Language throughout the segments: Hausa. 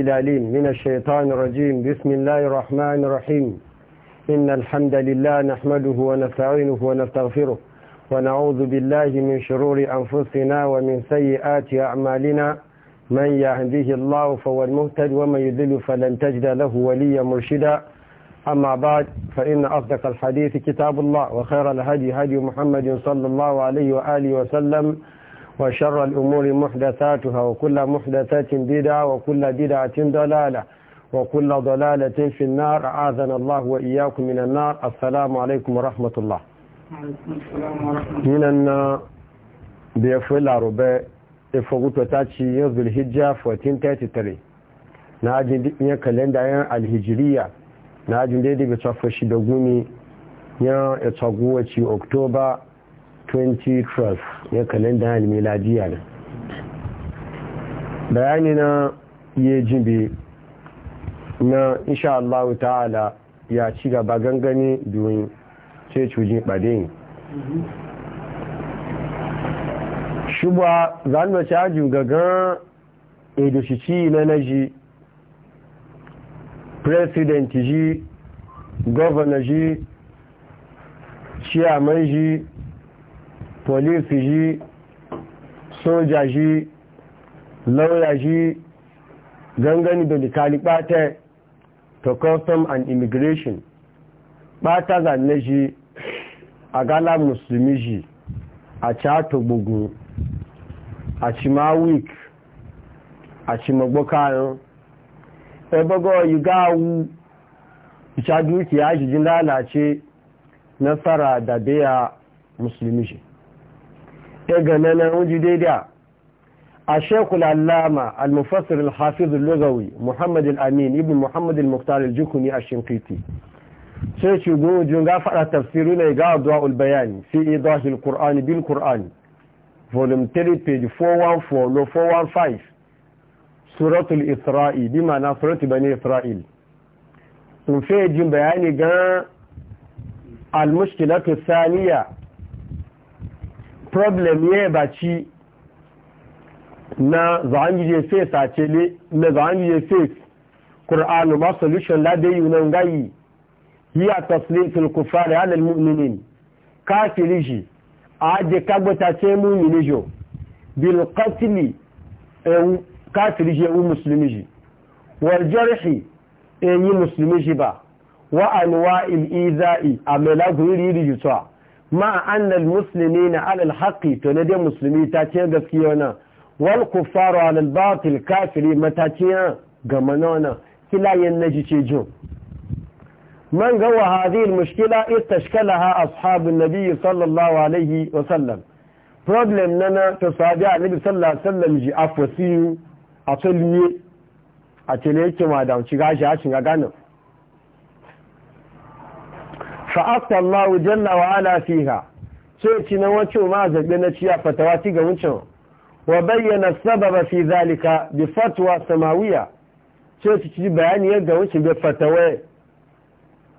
العليم من الشيطان الرجيم بسم الله الرحمن الرحيم إن الحمد لله نحمده ونستعينه ونستغفره ونعوذ بالله من شرور أنفسنا ومن سيئات أعمالنا من يهديه الله فهو المهتد ومن يضل فلن تجد له وليا مرشدا أما بعد فإن أصدق الحديث كتاب الله وخير الهدي هدي محمد صلى الله عليه وآله وسلم وشر الأمور محدثاتها وكل محدثة بدعة وكل بدعة ضلالة وكل ضلالة في النار أعاذنا الله وإياكم من النار السلام عليكم ورحمة الله من أن بيفو العرباء إفوغوت وتاتشي يوز بالهجة 1433 ناجي يا كالندا الهجرية ناجي دي بتصفشي دوغوني يا اتسوغوتي أكتوبر ya trust ya kalenda miladiya ne bayani na ya jibe na insha Allah ta'ala ya ci gaba gangane domin ce cujin ɓade shi ba za mu ci ajin gaga edoshici na naji presidenti ji governor ji chairman ji polisi ji soja ji lauya ji gangani da likali ɓata to custom and immigration ɓata zanne ji a gala musulmi ji a cato gbogbo a cima week a cima gbokayen ebogo yi gawu ita dukiya ji lalace nasara da biya musulmi ji daga na wuji daidai a shekul allama al-mufassir al-hafiz al-lugawi muhammad al-amin ibn muhammad al-muqtar al-jukuni a shinkiti sai ci gojin ga faɗa tafsiru ne ga addu'a al bayani fi idahi al-qur'an bil qur'an volume 3 page 414 lo 415 suratul isra'i bi ma'ana suratul bani isra'il in fi jin bayani ga al-mushkilatu thaniya problem ya ba ci na zangije face a cele na zangije face ƙur'anu ma solution ladayi nan gayi hiya taslitul kufari ala almu'minin kafiri shi a je kagbata ce mu'mini jo bil qatli e kafiri je u musulmi ji wal jarhi e yi musulmi ji ba wa anwa'il iza'i amela guriri yutwa ma annal musulmi na alal haƙi to na dai musulmi ta ce gaskiya wana wal kufaru alal batil kafiri mataciya ga manona kilayen na jice jo man ga wa hadhihi mushkila istashkalaha ashabu nabi sallallahu alaihi wa sallam problem nana to sabi annabi sallallahu alaihi sallam ji afwasi a tsulmiye a tele yake ma da ci a cin gana fa'asta Allah na wa ala fiha sai ci na wacce ma zabe na ciya fatawa ci ga wucin wa bayyana sababa fi zalika bi fatuwa samawiya sai ci ci bayani yadda wucin bi fatawa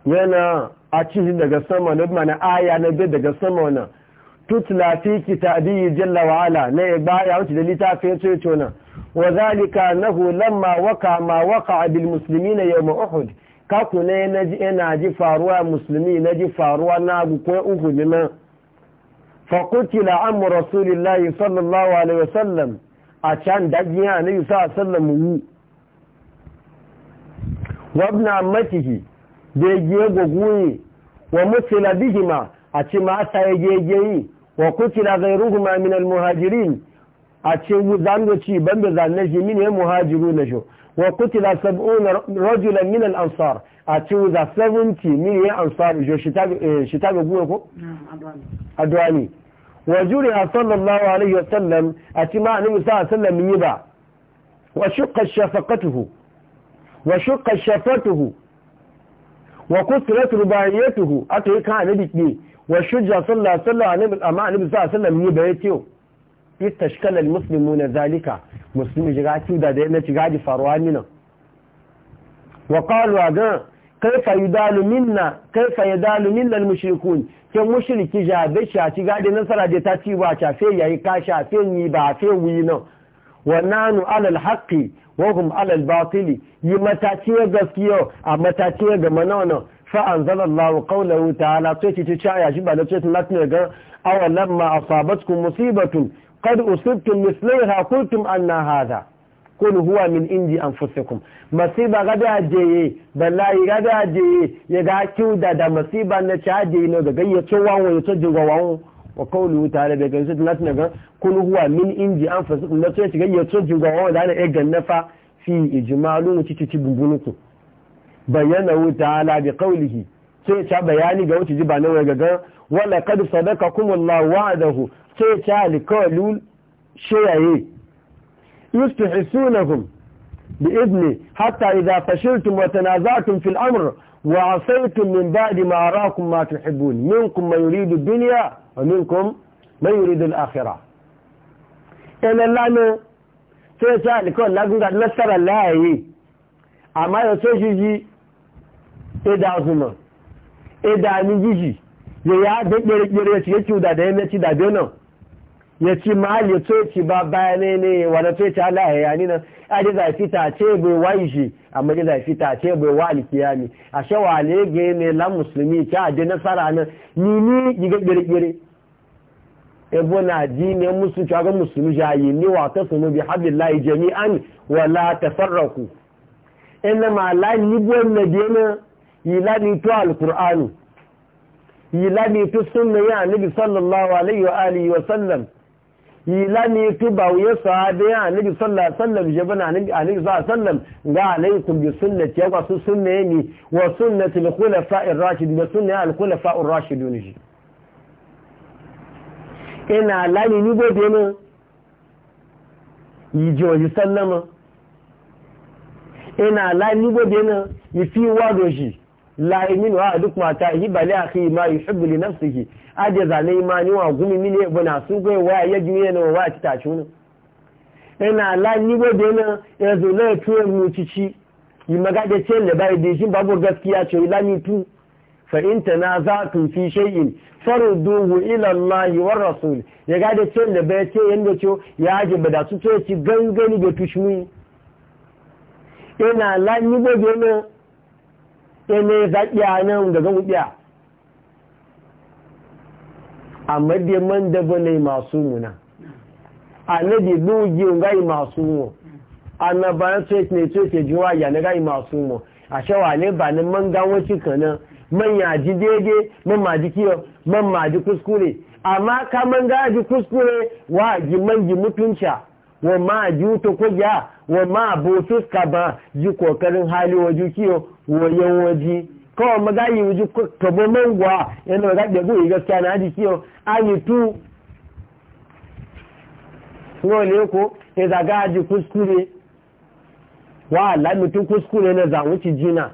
yana a cikin daga sama na mana aya na bi daga sama wannan tutla fi kitabi jalla wa ala ne ba ya wuce da littafin sai ce wannan wa zalika nahu lamma waka ma waka bil na yau uhud kaku ne yana ji faruwa musulmi na ji faruwa na abu ko uku jima fakutila an rasulillahi sallallahu alaihi wasallam a can daji ya ne yusa sallam wu wabna matihi da ya giye gogoyi, wa mutila bihima a ci ma ta ya gege yi wa kutila zairuhuma min almuhajirin a ce ci ban da zanne shi mini muhajiru na shi وقتل سبعون رجلا من الأنصار أتو ذا 70 من الأنصار جو شتاب إيه، أبوكم نعم، أدواني وجري صلى الله عليه وسلم أتماع نبي صلى الله من يبا وشق شفقته وشق شفته وقتلت رباعيته أتوى كان نبي وشجع صلى الله عليه وسلم أمع نبي صلى من يبع يتيو استشكل المسلمون ذلك مسلم جغاتي دا دينا جغاتي فاروانينا وقالوا اغان كيف يدال منا كيف يدال منا المشركون كم مشركي جابشا جغاتي نصر جتا تيواشا في يكاشا في نيبا في وينا ونانو على الحق وهم على الباطل يمتاتي وغسكيو امتاتي وغمانونا فأنزل الله قوله تعالى تيتي تشايا جبالة تيتي لاتنا اغان أولما أصابتكم مصيبة قد أصبتم مثلها قلتم أن هذا قل هو من إنجي أنفسكم مصيبة غدا جي بلاي غدا جي يغا كودا دا مصيبة نتا جي نوغا غي يتوان ويتجوا وان وقوله تعالى بيغن سيد لاتنا قل هو من إنجي أنفسكم نتا جي يتجوا وان دا إيجا نفا في إجمالون تتتي بمبنكم بيانه تعالى بقوله sai بياني bayani جبانه wuce jiba na wai gaga wala sai لكولول alkawalin يستحسونهم yustihisunahum بإذنه حتى إذا فشلتم وتنازعتم في الأمر وعصيتم من بعد ما أراكم ما تحبون منكم ما يريد الدنيا ومنكم ما يريد الآخرة إلا لأنه سيسا لكول لكم قد نسر الله أما يسوشي إذا هما إذا نجيشي يا يا دك دك دك يا تشودا دك يا تشودا دك ya ci mahal ya coci ba bayanai ne wani coci ala ya yani nan a ji zafi ta ce bai wai shi maji ji zafi ta ce bai wa alkiyami a shawale ga ne lan musulmi ta ji nasara nan ni ni giga kirkire ebo na ji ne musu ga musulmi jayi ni wa ta sunu bi habillahi jami'an wa la tafarraku ina ma la ni bo na de na ila ni to alqur'anu ila ni to sunna ya nabi sallallahu alaihi wa alihi wa sallam ilani ba ya sahabe ya annabi sallallahu alaihi wasallam jaban annabi sallallahu alaihi wasallam ga alaikum bi sunnati ya wasu sunne ni wa sunnati al khulafa ar rashid bi sunna al khulafa ar rashidun ji ina lani ni go de yi yijo yi sallama ina lani ni go de yi fi wa do ji la iminu ha duk mata yi bali akhi ma yuhibbu li nafsihi aje zane imani wa gumi mini ebo na sun kwe wa ya juye na wa ci tashi wani ina la ni gode na ya zo na ya tuwe mu cici yi magade ce da bai da shi babu gaskiya ce ila ni tu fa in tanaza'tum fi shay'in farduhu ila Allah wa rasul ya gade ce da bai ce yanda ce ya aje bada su ce ci gangani da tushmi ina la ni gode na ene e zakiya nan daga wuya a madiyaman da bane masu muna a na bi ga masu mu a na bayan tsoye ne tsoye juwa ya na ga masu mu a shawa ne ba na man gawon cika Man manya ji daidai man ji kiyo man ji kuskure amma ka man ji kuskure wa ji man ji mutunca wa ma ji ko kwaja wa ma bo fuska ba ji kokarin hali wa ji kiyo wa yan waji kawai magayi yi wuji tabo mangwa yadda maza da zuwa gaskiya na haji kiyo ani tu nole ko ya e zaga aji kuskure wa lamitu kuskure na zamuci jina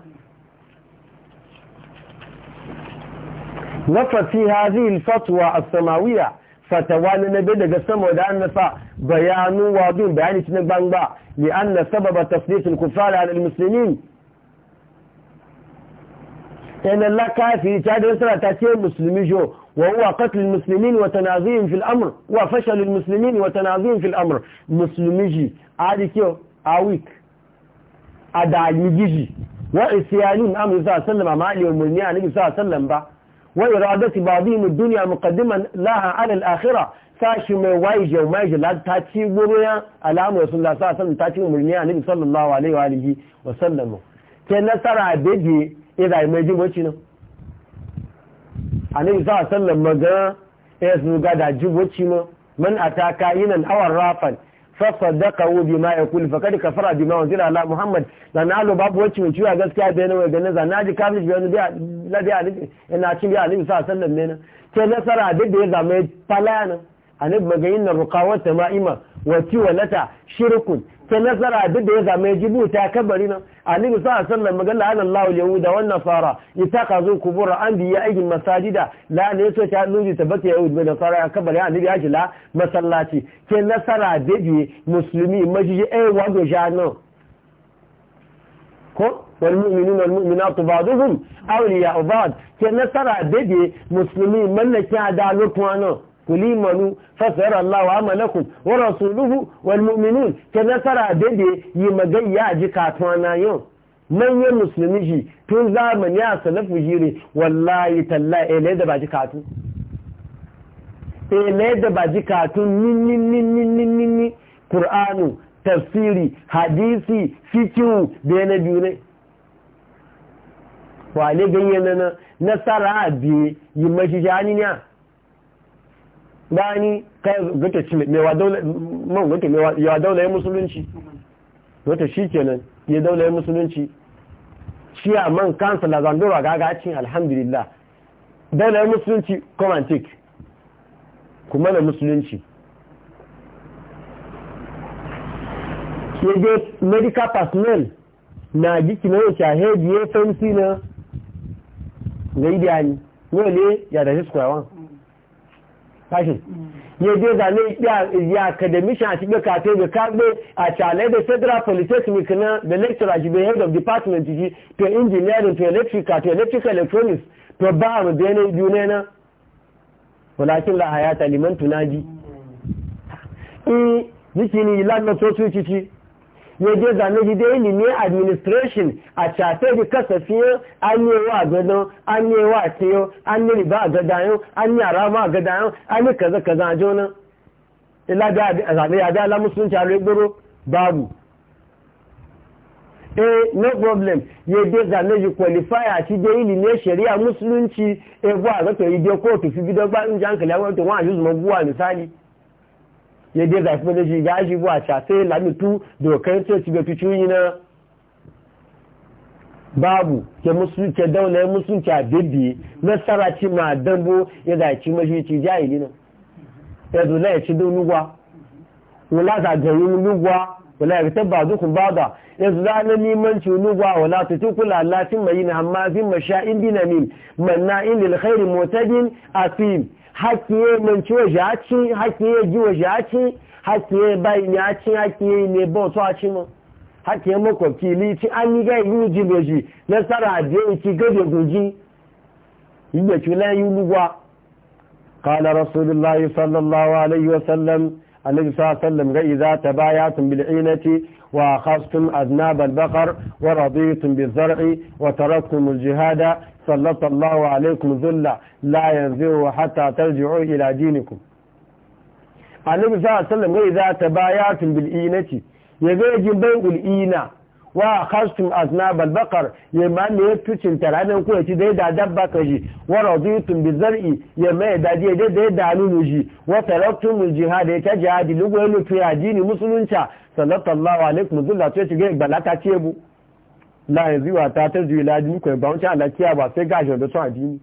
Na fi hazi ilfatuwa a samawiya fatawa na nabe daga sama da an nasa bayanu wadun bayani na gbangba li an na sababa tafsirin kufara al-musulmin yana lakafi ta da wasu ta ce musulmi jo wa huwa qatlul muslimin wa tanazihim fil amr wa fashalul muslimin wa tanazihim fil amr musulmi ji adi kiyo a week a dalibiji wa isyanun amr sa sallama ma ali umurni annabi sa sallam ba wa iradati ba'dihim laha sashi mai wayi jaumai jila ta ci guruya alamu rasulullah da sa san ta ci umurni annabi sallallahu alaihi wa alihi wa sallam ke nasara bege ya yi mai jin bacci nan annabi sallallahu a wasallam magana ya eh, zuga da jin bacci ma man ataka yinan awon rafan ma fasaddaqahu bima yaqul faqad kafara wanzu da ala muhammad na alo babu wacce mai ciwa gaskiya da yana wai ganin zan ji kafin bi biya da la ina cin biya alifin sa alaihi wasallam ne na ke nasara duk da ya zama falaya nan annabi magayin na ta ma'ima wati walata shirkun ta nazara duk da ya zama ya ta kabari nan annabi sa sallan magana an Allah yahuda wan nasara itakazu kubura anbiya ayin masajida la ne so ta nuji tabbata yahud bin nasara ya kabari annabi ya jila masallaci ke nasara da bi musulmi majiji ai eh, wado jano ko wal mu'minuna wal mu'minatu ba'duhum awliya ba'd ke nasara da muslimi musulmi mallaki adalutwa nan kulimanu fasara Allah wa amalakum wa rasuluhu wal mu'minun ta nasara dade yi magayya a jikatuwa na yau manyan musulmi tun zamani a salafu jire wallahi talla ele da ba jikatu ele da ba jikatu ni qur'anu tafsiri hadisi fikihu da na biyu ne wale ganyen na nasara bi yi mashi jani ne ka gata ci mewa mewa ya musulunci wata shi kenan ya daular ya musulunci shi a man kansa ga zandura gagacin alhamdulillah daular ya musulunci komantik kuma na musulunci yadda je medical personnel na jiki na yau shahe biye fensi na biya ni wale ya da shi skwawan fashin ya je zane ya akademisha a shiga kate da kagbe a cale da federal polytechnic na the lecturer shi bai head of department shi to engineering to electrical to electrical electronics to ba mu da yanayi juna na walakin la hayata liman tunaji hmm. eh, in yi ni lan sosu cici ya je zane gida ilimi administration a shafe da kasafiyo an yi wa gado an yi wa tiyo an yi riba a gadayo an yi arama a gadayo an yi kaza kaza a jona ila da a zaɓe ya da alamu sun cari gburo babu eh no problem ya je zane ji qualify a ci da ilimi e shari'a musulunci ebu a zato ide kotu fi bidogba in ji hankali a wata wani a juzuma buwa misali ya dai zafi mana shi ga shi buwa ca sai lamitu dokan sai ci fito yi na babu ke musulun ke daular musulun ke abibbi nasara ci ma dambo ya zaci mashi ci yi na ya zo na ya ci don nugwa wula za gari nugwa wula ya fitar ba zukun ba da ya zo za na nimanci nugwa wula ta ci kula lafin mai yi na hamma zin masha min manna indil khairi motadin asim hakiye manci wa jaci hakiye ji wa jaci hakiye bai a ci hakiye ne ba to a ci mo hakiye makwabci ni ci an yi gai yi ji loji nasara da yi ci gade guji yi da cula yi lugwa قال qala rasulullahi sallallahu alaihi عليه وسلم النبي صلى الله عليه وسلم وأخذتم أذناب البقر ورضيتم بالزرع وتركتم الجهاد سلط الله عليكم ذلا لا ينزعه حتى ترجعوا إلى دينكم annabi sallallahu alaihi wasallam gai za ta bayatun bil inati ya ba jin bai'ul ina wa khastum aznab al baqar ya ma ne tucin taranan ko yaci dai da dabba kaji wa raditum bi zar'i ya mai da je da ji ya ta jihadi lugo ne tu ya salatallahu alaikum zulla ce shiga igbala ta ce bu la yanzu wa ta ta juyi ladi ko ba wancan alakiya ba sai gashi da tun addini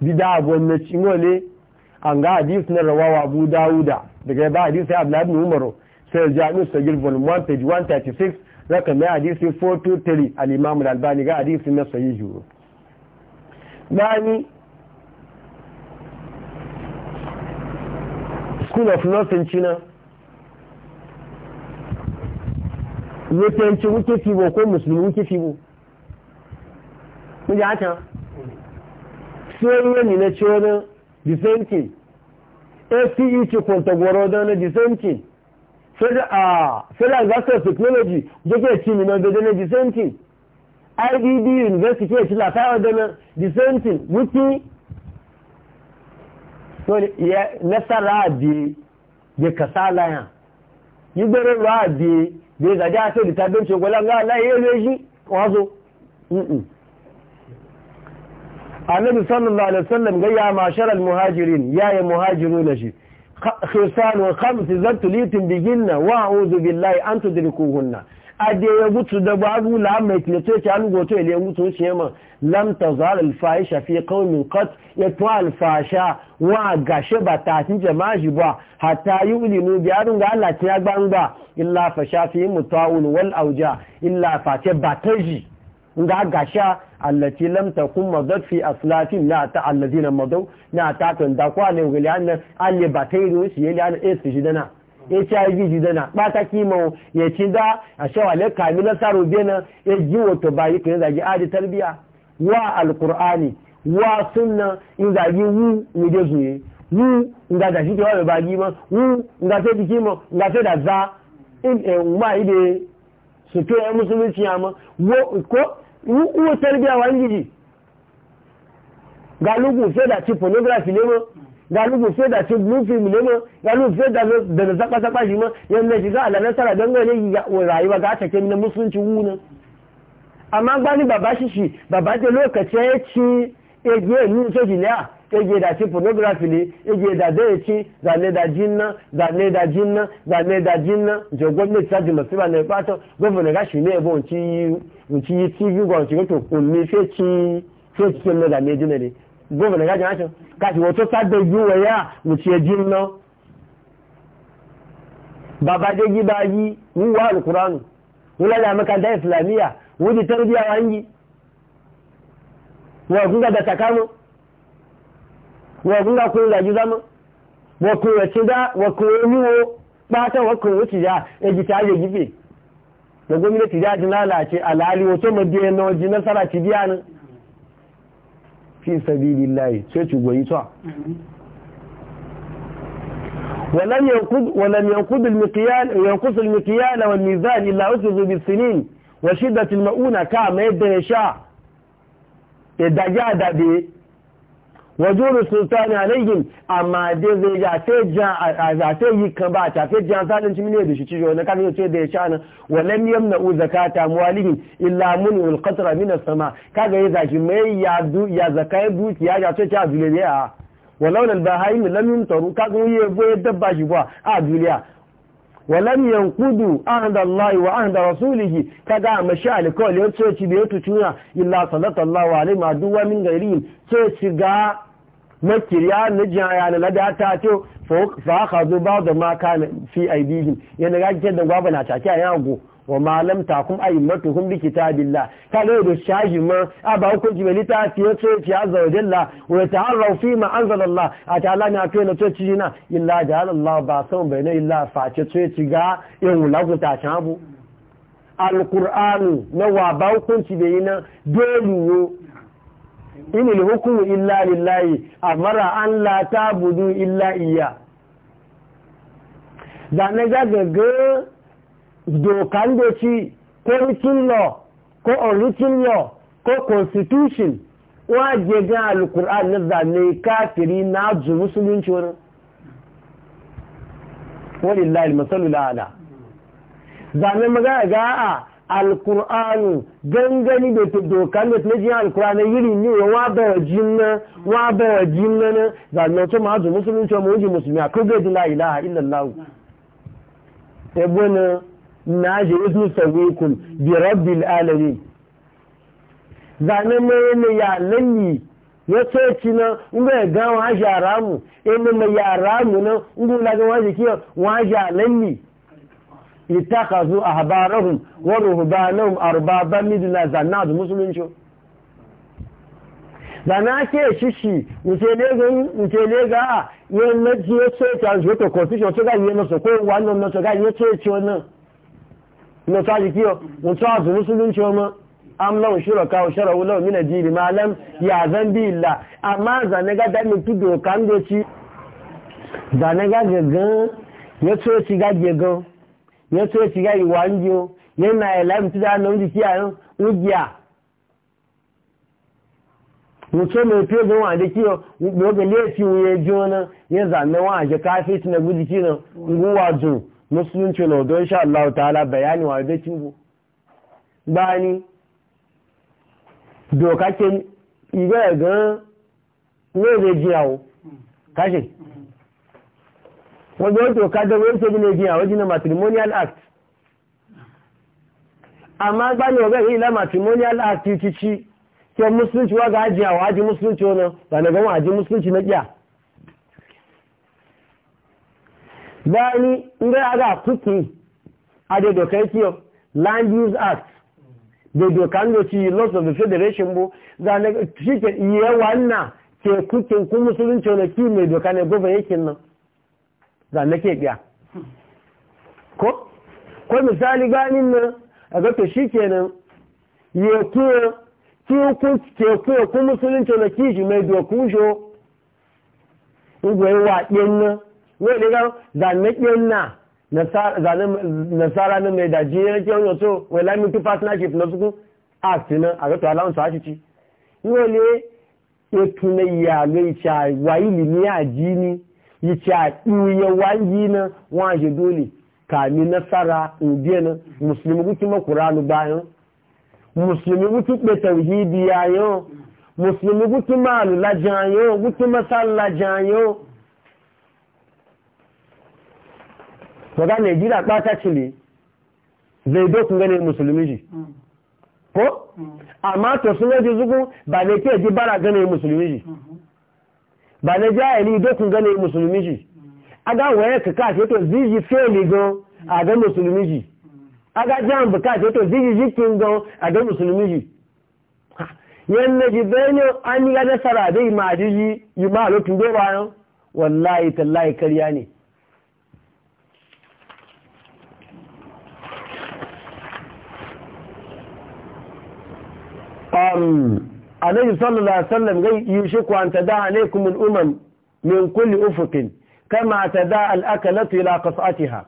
bida abu ne cingole an ga hadis na rawawa abu dauda daga ba hadis sai abdullahi ibn umar sai jami'u sagir volume 1 page 136 rakami hadisi 423 al-imam al-albani ga hadisi na sahihu bani school of nursing china mutunci wuke fibo ko musulmi wuke fibo kuja ta sai ne na ciwonin dissenting ace ce kwantagoro don na dissenting federal university of technology jike ci mina da na dissenting ibb university ke ci lafawa da na dissenting wuki nasara di ya kasala ya yi gbere ra di bí ìzàjá àti ìdìtàbí ṣe gbọ́lá gbọ́láńgá aláyé léṣí wọ́n so annabi sọ́nà alaihi wasallam ga ya mashar al-muhajirin ya ya muhajiru da shi khisan wa khams zattu litin biginna ń a'udhu billahi an tudrikuhunna ade ya gutu da babu la mai tilato ya an goto lemu to shi yamma lam tazal al fahisha fi qaumin qat yatwa fasha wa gashe ba ta fi jama'a shi ba hatta yulimu bi arun ga Allah ta gbangba illa fasha fi mutaun wal auja illa ta bataji nga gasha allati lam takun madad fi aslafin la ta alladina madaw na ta tun da kwa ne gulian alle batayru shi yele an eh, hiv jidana ɓataki mau ya ci da a shawale kami na saro bena ya ji wato ba bayi kan zagi adi tarbiya wa alkur'ani wa sunna in zagi wu muje zuye wu nga da shi ke wa bagi ma wu nga fe biki ma nga fe da za in e ma ide su to ya musulunci ya ma wo ko wu tarbiya wa injiji ga lugu fe da ci pornography ne mo galibu sai da cin blue film ne ma galibu sai da da zaka zaka shi ma yanda shi ga Allah nasara dan gane rayuwa ga ta kin musulunci wuna amma gbani baba shi shi baba da lokaci ya ci ege ni so jiliya ege da ci pornography e ne ege da da ci zane da jinna zane da jinna zane da jinna je gwamnati ta jima siba ne pato gwamnati ga shi ne bo nci nci tv go nci to kunni fe ci fe ci ne da ne jinna ne gómìnà yájọ láti káṣíwọ́ tó sádé yíò ẹ̀yà mùsí ẹjí ńlọ bàbá dégi bá yí wúwá alùkùránù wúlọ́dà mẹ́kàndá ìsìlàmíyà wọ́n ti tẹ́rù bí a yẹ gífè da gwamnati ta ji lalace alhali wato madina na nasara fi sabilillahi sai ci goyi ينقض ولم ينقض المقيال ينقص المقيال والميزان الا اخذ بالسنين وشده المؤونه كما يدشا يدجا wajuru sultani alayhim amma dai zai ja sai ja a sai yi kan ba ta sai jan sanin cimi ne da shi cijo na kan yace da ya shana walam yamna zakata muwalihim illa mun wal qatra min as-sama kaga yayi zaki mai ya du ya zakai dukiya ya ce ta zuliya walau al bahaim lam yumtaru kaga bo boye dabba shi ba a duniya walam yanqudu ahda Allah wa ahda rasulih kaga mashi alkawli yace ci da yato tuna illa sallallahu alaihi wa duwa min gairin sai ci ga makiriya na jaya na lada ta ce fa ka zo ba da maka fi aibihin yana ga kike da gwaba na take a yago wa malam ta takum aimatuhum bi billah ka ga da shaji ma ba ku ji melita fi yace fi azza wa jalla wa ta'arraf fi ma anzala Allah a ta'ala na to na to ci na illa ja'ala Allah ba san bayna illa fa ce ce ci ga in laguta ta bu alqur'anu na wa ba hukunci bayina dole in ilhukumu illa lillahi amara an la tabudu illa iya da na gagaga dokan doci ko written law ko unwritten law ko constitution waje ga alkur'an na zane kafiri na zu musulunci wani wani lalima salula ala zane magana ga a alkur'anu gangani da dokan da tunajin alkur'anu yiri ne wa bawa jinna wa bawa jinna na zanen to ma zu musulunci ma wuji musulmi a kogo di la ilaha illallah ebe na na ji isu sawikun bi rabbil alamin na mai ne ya lalli ya coci na ngbe ya gan wa jara mu ebe mai yara mu na ngbe lagan wa jikiya wa jara lalli اتخذوا أحبارهم ورهبانهم أربابا من الله زناد مسلمين شو zana ke shishi mutele ga a yi meji ya ce ta zuwa ta confusion to ga yi nasu ko wannan nasu ga yi ce ce wannan na ta jiki yau mutu a zuwa musulunci wani am lau shura ka shara wula mina jiri malam ya zan bi illa amma zane ga dami tu dokan doci zane ga gagan ya ce ci ga gagan E ya tó ti ga ìwà ń jí o yẹn na ẹ̀ láì tí dáa lóúnjẹ gbogbo na gúdí kí musulunci na ọdọ insha Allah ta'ala bayani wa zai cin bu doka ke ne zai jiyawo wọ́n gbé doka da wọ́n ṣe nílé jiyàn àwọn jìnnà matrimonial act àmọ́ agbáni ọ̀gá yìí lá matrimonial act ti ṣí kí ọ musulunci wá ga jiyàn àwọn ajé musulunci ọ̀nà gbànàgbà wọn ajé musulunci na kíá báyìí ndé aga kúkì adé doka kí land use act da doka ń lòtí loss of the federation bó gbànàgbà shi ke iye wannan ke kukin kú musulunci ọ̀nà kí mai doka ne gọ́fà yakin nan zanne ke biya ko ko misali ganin nan a ga to shikenan yato ki ku ke ku ku musulunci na kiji mai do ku jo ugwe wa din nan ne ne ga zanne din na nasara na mai daji ne ke wani to wai lami tu partnership na suku act na a ga to alawun sa ci ne ne etu na iyalo icha wa ili ni ajini yi ci a ɗuye wangi na waje dole kami nasara indiya na musulmi kuki makuranu bayan musulmi kuki ɓe tauhidi yayin musulmi kuki malu lajayen kuki masal lajayen Waga Najeriya ɓata cile zai dokun ganin musulmi ji. Ko? Mm. Mm. Amma to suna yaji zugun ba ne ke ji bara ganin musulmi ji. Mm-hmm. ba na jahili dokun gane musulmi ji aga waye ka ka to ziji feli go aga musulmi ji aga jan buka to ziji jikin go aga musulmi ji yan na ji bayani an ga da sarabe ma ji yi ma lo tun go bayan wallahi tallahi kariya ne um annabi sallallahu alaihi wasallam gai yushiku an tada alaikum al-umam min kulli ufuqin kama tada al-akalatu ila qas'atiha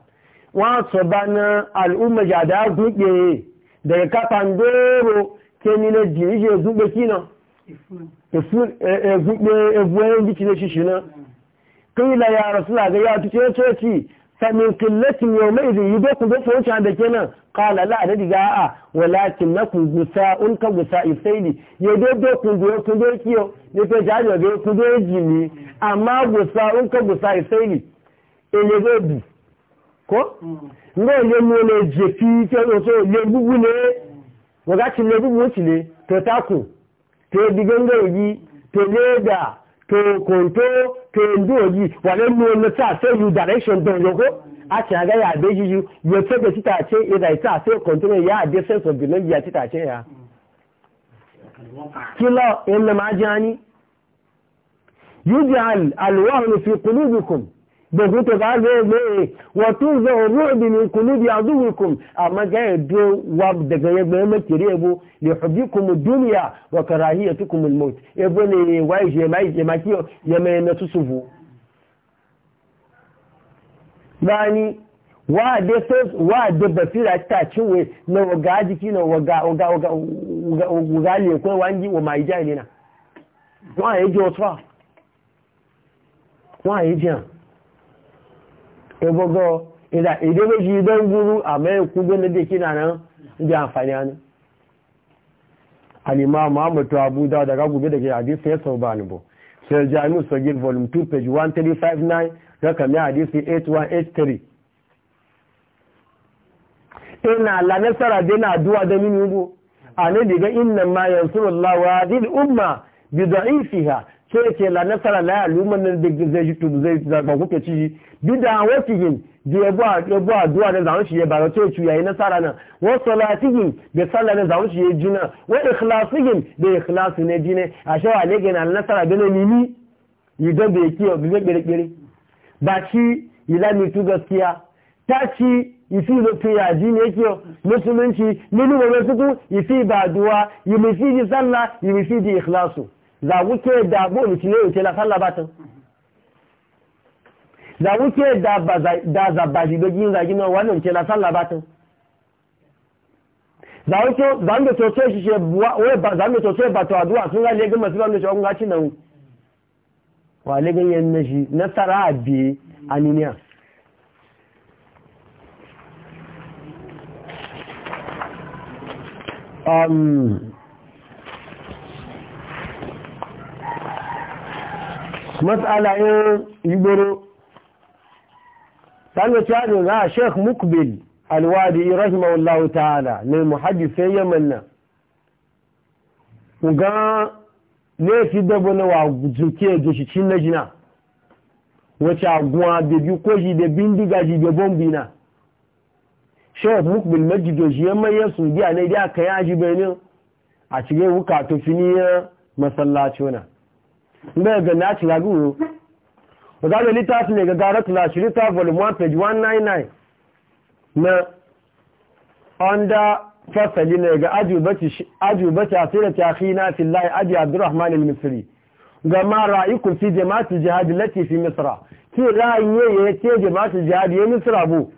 wa sabana al-umma jada gude daga kafan doro kemi na dirije zube kina ifun zube ebuwe bikine shishina kila ya rasulullah ga ya tuce ceci fa min qillatin yawma idhi yudaku da fa'uta da kenan kala la da diga a walakin na kun gusa un ka gusa isaidi ya dodo kun do kun do kiyo ne fe jari obe kun do jini amma gusa un ka gusa isaidi ele go bu ko mm. ngo le mu le je fi ke o so le bubu le wo ga ti le bubu ti le to taku to digengo yi to leda to konto to ndoji wale mu le ta se you direction don ko. a ci ga ya be jiju e ya ce da cita ce ya da ta sai continue ya da sense of belonging ya cita ce ya kila inna ma jani yuj'al alwahn fi qulubikum da huta ba zai mai wato zai rubi min kulubi aduwikum amma ga yadda e wa daga ya bai makiri yabo li hubikum dunya wa karahiyatukum al-maut yabo e ne wai je mai je ya mai na tusufu bani wa de so wa de basira ta ciwe na waga jiki na waga waga waga waga le ko wanji wa mai ja ne na wa ye jo so wa ye jan e bogo ida ide meji don guru amma ku gane de kina nan ji amfani ne al-imam Ahmad Abu Dawud daga gobe da ke hadisi ya sau ba ni bo sai jami'u sagir volume 2 page 1359 mi hadisi 8183 ina la nasara dai na addu'a da mini ubo anan diga inna ma yansurullahu hadhihi umma bi da'ifiha sai ce la nasara la aluman da zai ji tudu zai zaba kuke ci bi da wasihim da yabo yabo addu'a da zan shi ya ba sai ci yayi nasara na wa salatihin da sallah da zan shi ya jina wa ikhlasihin da ikhlasu ne jine a shawa ne ga nasara da ne ni idan da kiyo da gere gere ba shi ilamitu gaskiya ta ci wuce ìlòfin àjí ní ẹkí ọ mọ́sùlùmí nínú ọ̀rọ̀ síkú za ìbàdùwà ìrìnfí di sálà ìrìnfí di ìkìláṣù zàwúkẹ́ ẹ̀dà bóòlù tí lóòrùn tẹ́lá sálà bá ba zàwúkẹ́ ẹ̀dà dàzàbàjì lójí ìrìnàjí náà wà lóòrùn tẹ́lá sálà bá tán zàwúkẹ́ na ṣiṣẹ́ وعليه ينجي نصر عادي عنينيا أم مسألة يبرو إيه؟ قالوا تعالوا لا شيخ مقبل الوادي رحمه الله تعالى للمحدث محدث يمنا وقال laifi dabo na wa zuke da shi cin na jina wace aguwa da biyu ko shi da bindiga shi da bombi na shawar mukbil majido shi yamma ya su biya na idan aka yaji benin a cikin wuka to fini ya masallaci wana ɗaya ga na ci laguro ba za da littafi ne ga gara tula shi volume 1 page 199 na under fasali ne ga ajubati a tsira ta hina fillahi abi abdurrahman al-misri ga ma ra'ayikun fi jama'ati jihad lati fi misra ki ra'ayi ya ce jama'ati jihad ya misra bu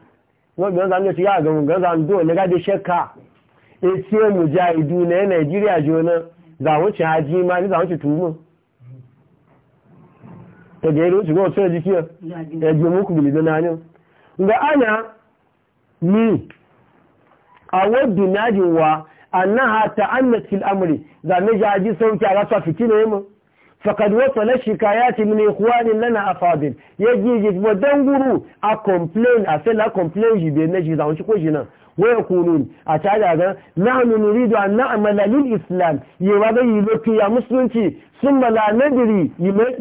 ga zan ga shiga ga mun ga zan do ne ga da shakka e ce mujahidu ne Najeriya jona za wuce haji ma ni za wuce tumu to ga yaro shiga wata jikiya ya ji muku bilidana ne ga ana ni a wadda najin wa annaha ta'annat fil amri da ne jaji sauki a rasa fitina yamma wata la shikayati min ikhwani lana afadil yaji ji wadan guru a complain a sai la complain ji be ne ji da wuce ko jina wa yakunun a ta da ga nahnu nuridu an na'mala lil islam yi wa yi lokiya musulunci sun mala nadiri yi mai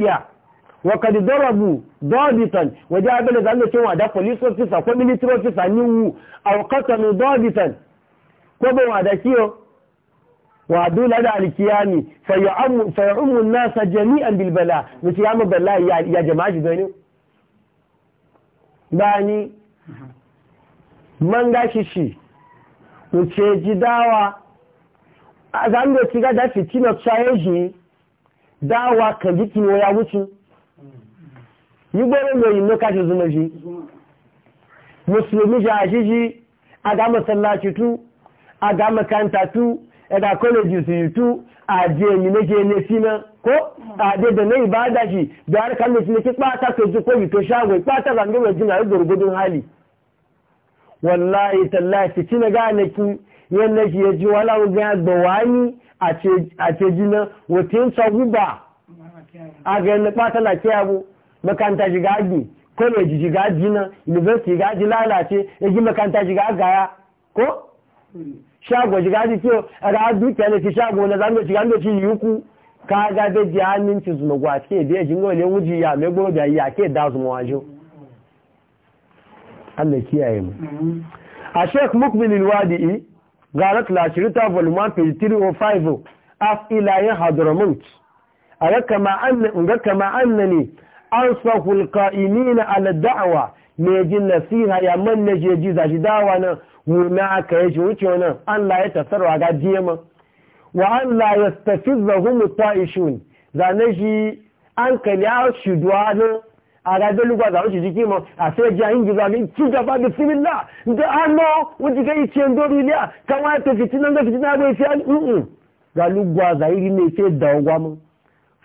wakadi darabu dabitan waje abin da zan cewa da police officer ko military officer ni wu aw qatalu dabitan ko ba wa da kiyo wa dula da alkiyami fa ya'um fa ya'um an-nas jami'an bil bala mutiyam bala ya ya jama'a gani bani man gashi shi uce ji dawa azan da kiga da fitina tsaye ji dawa kan jiki ya wuce yi gwarin mai yin lokaci zuma shi musulmi shi shi a ga masallaci tu a ga makanta tu a ga kwaleji su yi tu a je yi ne fina ko a de na ibada shi da har kan mutum ki kpata ka ji ko to shago kpata zange jina ya gurgudun hali wallahi tallahi ki na gane ki yanda ki ya ji wala ga gbawani a ce jina wata yin tsaguba a ga yana kpata lafiya makaranta shiga agbe college shiga jina university shiga ji lalace ji makaranta shiga agaya ko shago shiga ji kiyo a ga dukiya ne ki shago na zango shiga ndo ci yuku ka ga da ji hannun ci zuma gwa ke da ya jingo le wuji ya me go da ya ke da zuma wajo Allah kiyaye mu a shek Mukbil Al-Wadi'i garat la shirita volume 1 page 305 af ila ya hadramaut a ga kama annani ansahul qa'imina na da'wa me jin nasiha ya man na je ji zaji dawa nan wuna aka yi wuce nan Allah ya tasarwa ga jema wa Allah ya yastafizahum ta'ishun zane shi an kali a shudwa nan a rabe lugba za wuce jiki ma a sai ji yin gizo ne ci gaba da similla da ano wajen ga ice ndo iliya kan ta fitinan da fitinan da ya fi an ga lugba za yi ne sai dawgwa mu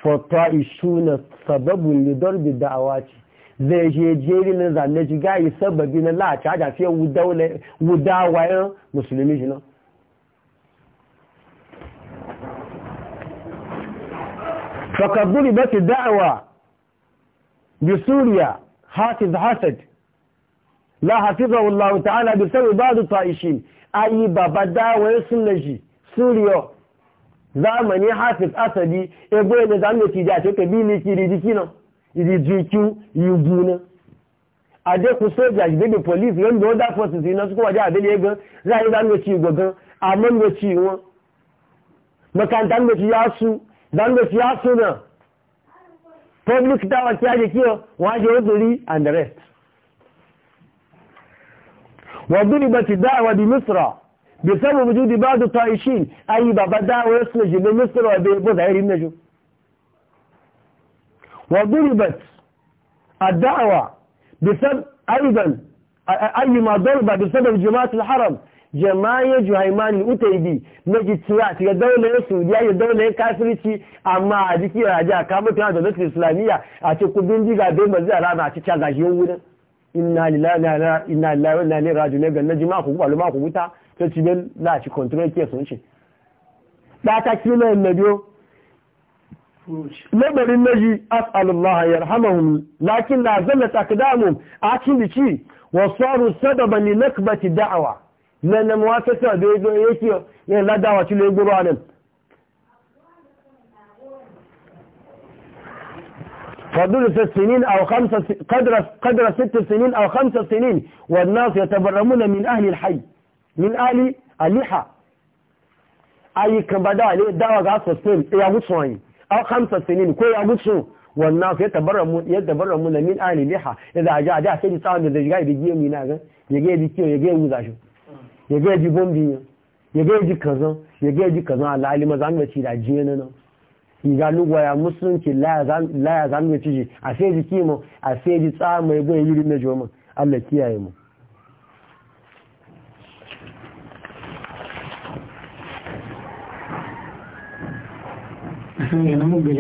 fata'ishuna sababun lidar bi da'awa ce zai je jeri na zane shi gayi sababi na la'aci haka fiye wudawayen musulmi shi nan fakaburi ba su da'awa bi suriya hafiz hasad la hafiza wallahu ta'ala bi sabi ba su ta'ishin ayi baba da'awayen sun na shi suriya zamani hafiz asadi ebe ne zamani ti ja ce kabi ni kiri jiki nan idi jiki yugu na adeku soja gbede police yon do da forces ina suko waje abele gan zai zamani ti gogan amon go ti won makantan go ti yasu dan go ti yasu na public dawa ti aje kiyo waje odori and the rest Wa bati وضربت الدعوة بمصر بسبب وجود بعض الطائشين أي بابا دعوة يسنج من مصر وبظهير النجو وضربت الدعوة بسبب أيضا أي ما ضرب بسبب جماعة الحرم جماعة جهيمان الأتيبي نجي تيات يا دولة سعودية يا دولة كافرتي أما عديكي راجع كما كان دولة الإسلامية أتكو بندي غابين مزيع رانا أتكي غاجيون إنا لله إنا لله إنا لله راجعون نجي ما أخوه ولو ما أخوه tó ti bẹ́ láti kọ̀ntúrẹ́tì ẹ̀sùn ṣe pàtàkì náà lẹ́bíó lẹ́gbẹ̀rin méjì asàlùmáà yarhamahum lákin na zalla takdamu akin biki wa saru sababan li nakbati da'wa lan muwafasa da yazo yake ne ladawa ci le goro anan فدرس سنين أو خمسة قدر قدر ست سنين أو خمس سنين والناس يتبرمون من أهل الحي min ali aliha ayyukan ba dawa ga sustain e ya gutsu wani aw khamsa sinin ko ya gutsu wannan sai tabarramu ya tabarramu na min ali liha idan aja da sai di tsawon da ga bigi mi na ga ya ga bigi ya ga wuza shi ya ga ji bombi ya ga ji kazan ya ga ji kazan ala alima zan ga ci da jiyana nan iga lugwa ya musulunci la ya zan ga ci a sai ji kimo a sai ji tsawon mai goyi yiri na joma Allah kiyaye mu yana mukbil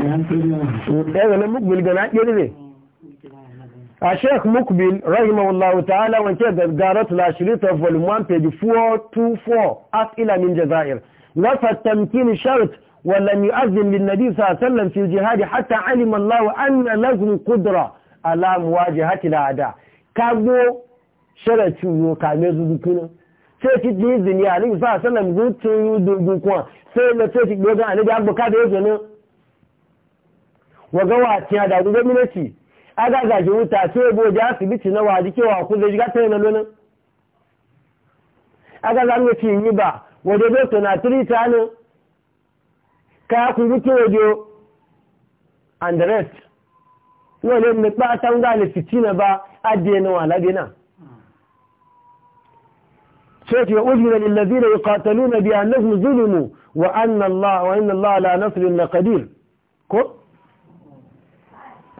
آه، رحمه الله تعالى sheikh mukbil rahimahullahu ta'ala wanke gargarat lashirita volume 1 424 as'ila من جزائر lafa tamkin shart ولم يؤذن للنبي صلى الله عليه وسلم في الجهاد حتى علم الله أن له قدرة على مواجهة الأعداء كابو شرط يو كاميزو دكونا سيتي دي زنيا صلى الله عليه وسلم قلت يو sai na sai shigo gan annabi an bukata yake nan waga wa tiya da gugu minati aga gaji wuta sai bo asibiti na waji kewa ku zai ga na zan ga ci yi ba waje doctor na trita ne ka ku gutu waje and the rest wale ne ba ta nga le fitina ba adiye na wala dina sai ce wa ujina lillazina wa anna Allah wa inna Allah la nasrin la qadir ko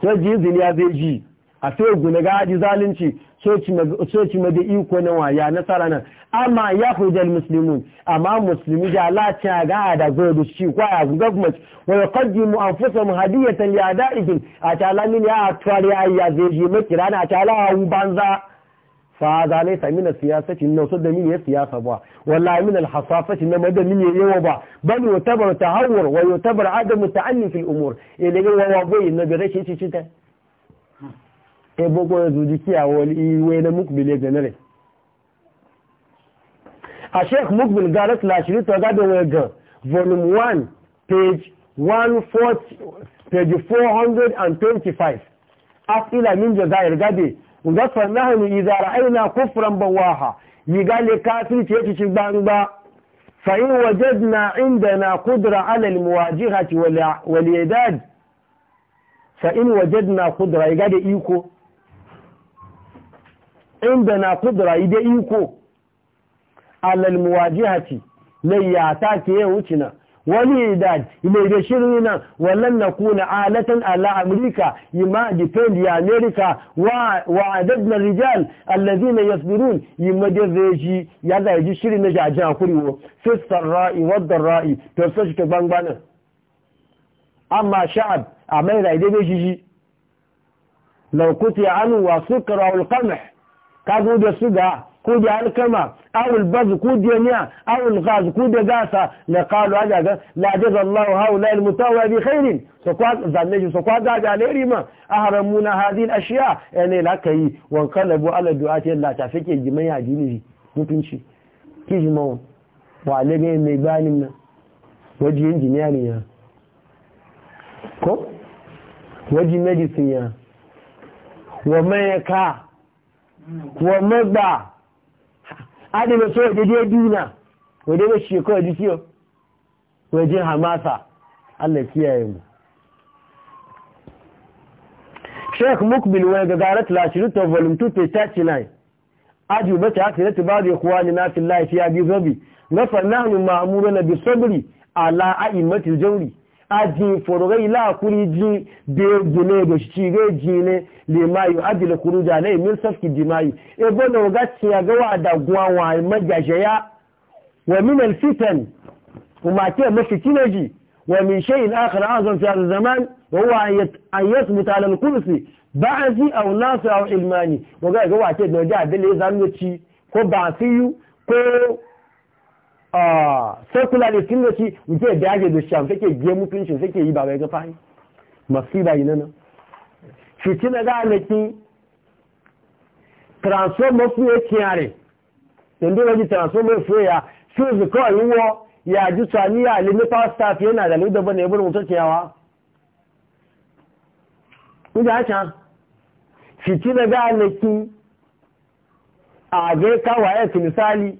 sai ji ya zai ji a sai gune ga ji zalunci soci ma iko na waya nasara nan amma ya hujjal muslimun amma musulmi da latin ga da zo da shi kwaya government wa yaqaddimu anfusahum hadiyatan li adaihim a talamin ya atwari ya zai ji makirana la talawa banza fa ne sami na siyasaci na wasu da miniyar siyasa ba wala min alhasafaci na mai da miniyar yawa ba bal yutabar tahawur wa yutabar adam ta'annif al umur e ne wa wa bai na bare shi shi ta e bogo ya zuji kiya wani iwe na mukbil ya ne a sheikh mukbil ga rasul ashiri to ga wa ga volume 1 page 140 page 425 min jazair gade ga fannahu idza ra'ayna kufran bawaha yi gale kafirci yake ci gbangba fa in wajadna indana qudra ala almuwajihati wal yadad fa in wajadna qudra yi da iko indana qudra yi da iko ala almuwajihati lai ya ta ke wucina walidat mai da shirin nan wallan na kuna alatan ala amurka yima defend ya amerika wa adadna rijal allazina yasbirun yima da zai ya zai ji shirin na jaji a kuriwo fistar ra'i wadda ra'i to sai ta gbangbana amma sha'ab a mai rai da shi shi laukuti anu wa sukra ul qamh kago da suga ko da alkama awul baz ku niya awul ghaz ku da gasa la qalu aja ga la jaza Allah haula al mutawa bi khairin so kwa zanne so kwa ga ga leri ma ahramuna hadhihi al ashiya yani la kai wan qalabu ala du'ati Allah ta fike jimai hadini mutunci kiji mawo wa lege me banin nan waje injiniya ne ya ko waje medicine ya wa mai ka wa magba adìmẹ̀ tó ẹ̀dẹ́dẹ́ dúnà wẹ̀dẹ́ bẹ́ ṣe kọ́ ẹ̀dí tí ó waje hamasa allah kiyaye mu Sheikh mukbil wani gagarar tilashirin ta volume 2 39 aji ba ta haka zata ba da kuwa ne na fillahi fiya bi zobi na fannahu ma'amuru na bi sabri ala a'immati jauri ajin forogai ila kuri ji da gine da shi ga jine limayu ajila kuru da nai min safki dimayu ebo na ga ci ga wa da gwa wa e majajaya wa min al fitan zaman wa huwa an yathbuta ala al kursi ba'zi aw ilmani wa ga ga wa ce da ja da Ah, secularist ne shi nke da yake da sham take biye mutuncin take yi ba bai ga fahimta ba yi nan fitina ga alaƙi transformer fiye kiyare yanzu wajen transformer fiye ya fiye su kawai yiwuwa ya ji tsani ya alimi power staff yana da lida bane ya bane mutum ciyawa kuda haka fitina ga alaƙi a ya kawai misali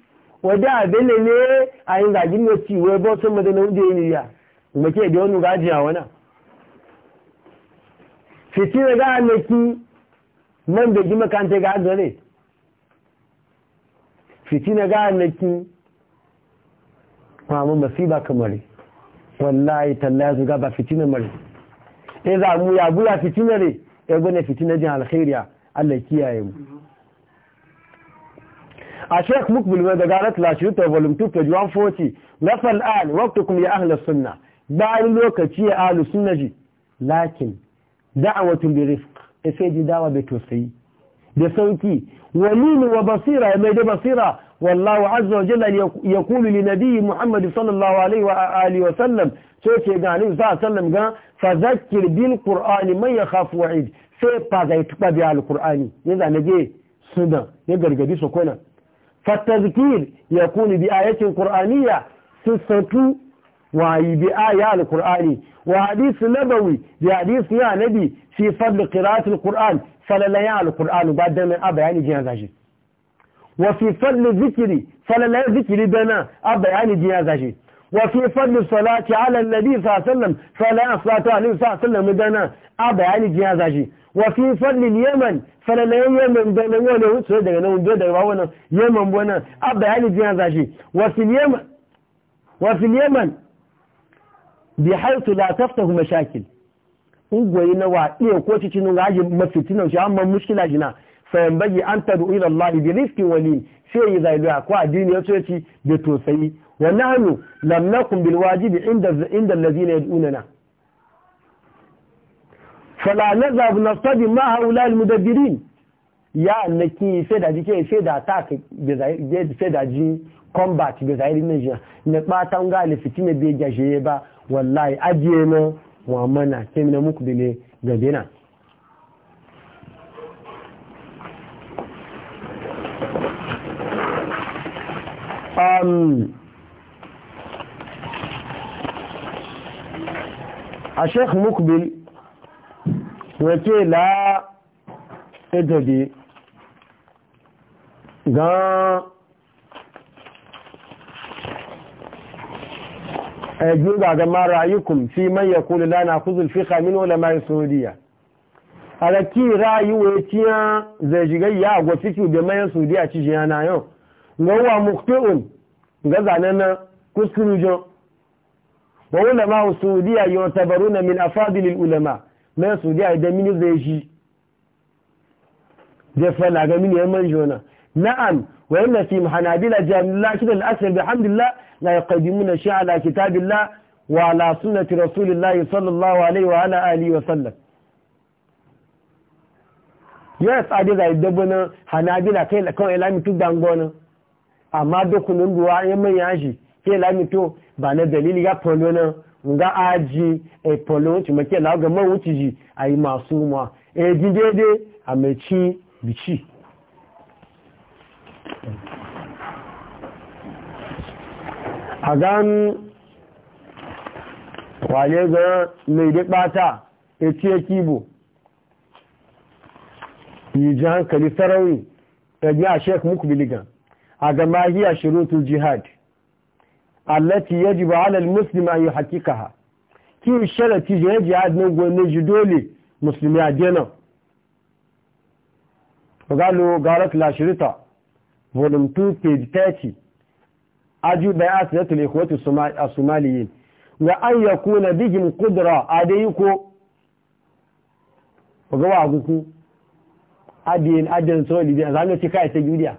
wadda abele ne a yin gaji ne ci wai bau sun madana wuje yi ya kuma ke da wani gaji a wana fiti da ga alaki man da gima kanta ga azo ne fiti na ga alaki mamu masiba kamar wallahi tallahi zuga ba fiti na mari ɗaya za mu ya gula fiti na ne ya gwada fiti na jin alkhairiya allah kiyaye mu a sheikh mukbil mai daga ratul ashirta volume 2 page 140 na fal'an waqtukum ya ahlus sunna bayan lokaci ya ahlus sunna ji lakin da'awatu bi rifq sai ji dawa bai tausayi da sauki walini wa basira mai da basira wallahu azza wa jalla yaqulu li nabiyyi muhammad sallallahu alaihi wa alihi wa sallam so ce ga ni sa sallam ga fa zakkir bil qur'ani man yakhafu wa'id sai fa zai tuba bi al qur'ani ya zanaje sunan ya gargadi su فالتذكير يكون بآية قرآنية سستو وهي بآية القرآن وحديث نبوي بحديث يا نبي في فضل قراءة القرآن فلا يا القرآن بعد من أبا يعني جهاز عجيب وفي فضل الذكر فلا ذكر بنا أبا يعني جهاز عجيب وفي فضل الصلاة على النبي صلى الله عليه وسلم فلا صلاة عليه صلى الله عليه وسلم بنا a bayani jiya zashi wa fi fadlil yaman falalayen yaman da nan wani hutu daga nan wanda daga ba wannan yaman wannan a bayani jiya zashi wa fil yaman wa fil yaman bi haythu la taftahu mashakil ungoyi na wa iya ko cici nun gaji mafitinan shi amma mushkila shi na fayan bagi an tabu ila Allah bi rizqi wani. sai yi zailuya ko addini ya so ci da tosayi wa nahnu lam nakum bil wajibi inda inda allazina yad'unana fala nazab nastabi ma haula al mudabbirin ya annaki sai da jike sai da attack da sai da ji combat da zahiri na jiya na batan ga al fitina bai gashe ba wallahi ajiye na wa mana kemina muku dile gabena um a sheikh wace la ejobi gan ga ga mara ayyukum fi ya kula lana kuzul fi kàmínú olama saudiya a da kí ra'ayiwa zai shiga ya agwa fiki da mayan saudiya ci shi yana yau ga wa muktiun ga zane na kuskuru jan wa ulama saudiya yau tabaru na min afadilil ulama mẹ́sù su àìdẹ́ idan mini zai shi zai ga mini yamman jona na'am wa fi hanabila jami'la da al'asar da na ya kadimu na shi ala kitabillah wa ala sunnati rasulillah sallallahu na hanabila kai lamitu amma yashi ba na dalili ya nga aji e polo ti make na ga ma wuci ji ayi masu ma e ji dede a meci bici Agan waye ga mai da bata e ti e kibo yi jan hankali sarauni e, ta biya shek muku biligan a ga mahiya jihad allati yajibu ala almuslim an yuhaqiqaha ki sharati je yaji adna gwanne ji dole muslimi adena galu garat la shirita volume 2 page 30 aju bayat latul ikhwati as-somaliyin wa an yakuna bihim qudra adayko ga wa guku adin adin so libi zanu ci kai ta judiya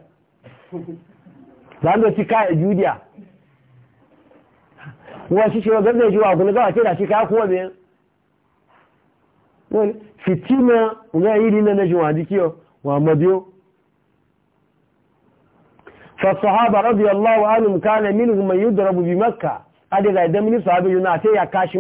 zanu ci kai judiya wọ́n ṣíṣe ọgbẹ́ méjì wà ọ̀gbìn lọ́wọ́ àtẹ́lẹ̀ àti káàkó ọ̀bẹ wọ́n fìtínà ọ̀gá yìí nínú ẹ̀jù wọn àdíkí ọ wọn àmọ́ bí ó فالصحابة رضي الله عنهم كان منهم من يضرب بمكة هذا إذا دمني صحابي ينا أتي kashi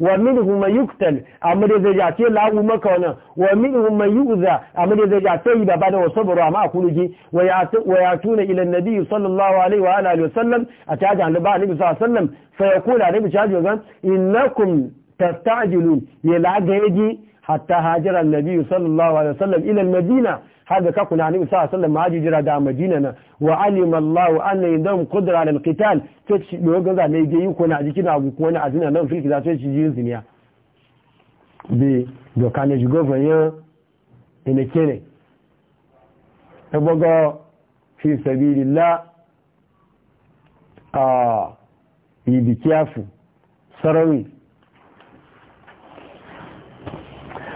wa minhum man yuqtal amma da zai jace lawu maka wannan wa minhum man yu'za amma da zai jace baba da wasabru amma kuluji wa yatuna ila an-nabi sallallahu alaihi wa alihi wasallam ataja annabi sallallahu alaihi wasallam fa yaqulu annabi jaje gan innakum tastajilun ya lagaji hatta hajara an-nabi sallallahu alaihi wasallam ila al-madina haka ka kuna ni sa sallan maji jira da madina na wa alima allah anna indam qudra ala qital to shi do ga za ne yi ko na jikin abu ko na azina nan filki za to shi yin zuniya bi do kana ji govanya ina kene ta bogo fi sabilillah a yi bi kiafu sarawi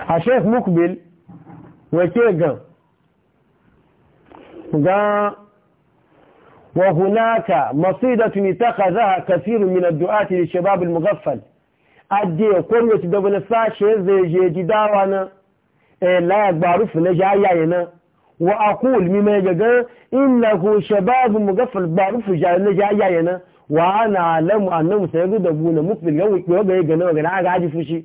a sheikh mukbil wace gan ga wa hunaka masidatun ittakhadha kathirun min ad-du'ati li shabab al-mughaffal adde korwe ti da sa sashe zai je ji dawa na eh la gbaru na jayaye na wa aqul mimma yaga innahu shabab mughaffal gbaru fu na jayaye na wa ana alamu annahu sayudabu na mukbil yawi yoga ga na ga ga ji fushi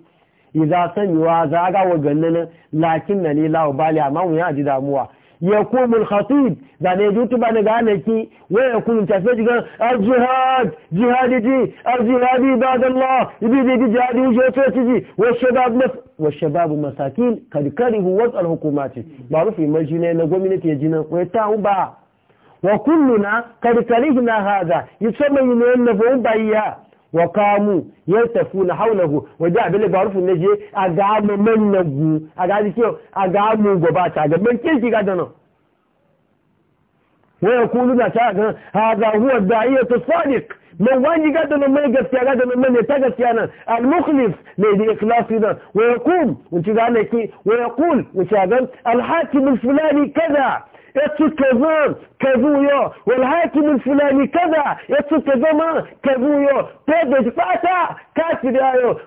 idza samiwa za ga wa ganna lakin na ni la bali amma mu ya ji damuwa ya komu al-khatib da ne jutu ba ne ga ne ki wai ya kunu tafe jigan al-jihad jihadi ji al-jihadi ba da Allah ibi da ibi jihadi wuce wato ci ji wa shabab na wa shabab masakin kadikari hu wasu al-hukumaci ba rufe imarci ne na gwamnati ya jina kwaya ta hu ba wa kulluna na kadikari na haza yi tsamayi ne yana وقاموا يلتفون حوله وجاء بلي بعرف النجي أقام من نجو أقام كيو أقام غبات أقام من كل شيء قدنا ويقولون هذا هو الداعية الصادق من وين قدنا من يقفت قدنا من يتقفت أنا المخلص لدي إخلاصنا ويقوم ويقول ويقول الحاكم الفلاني كذا يتسو كذاب كذويا والحاكم الفلاني كذا يتسو كذما كذويا تبج فاتا كاسر يايو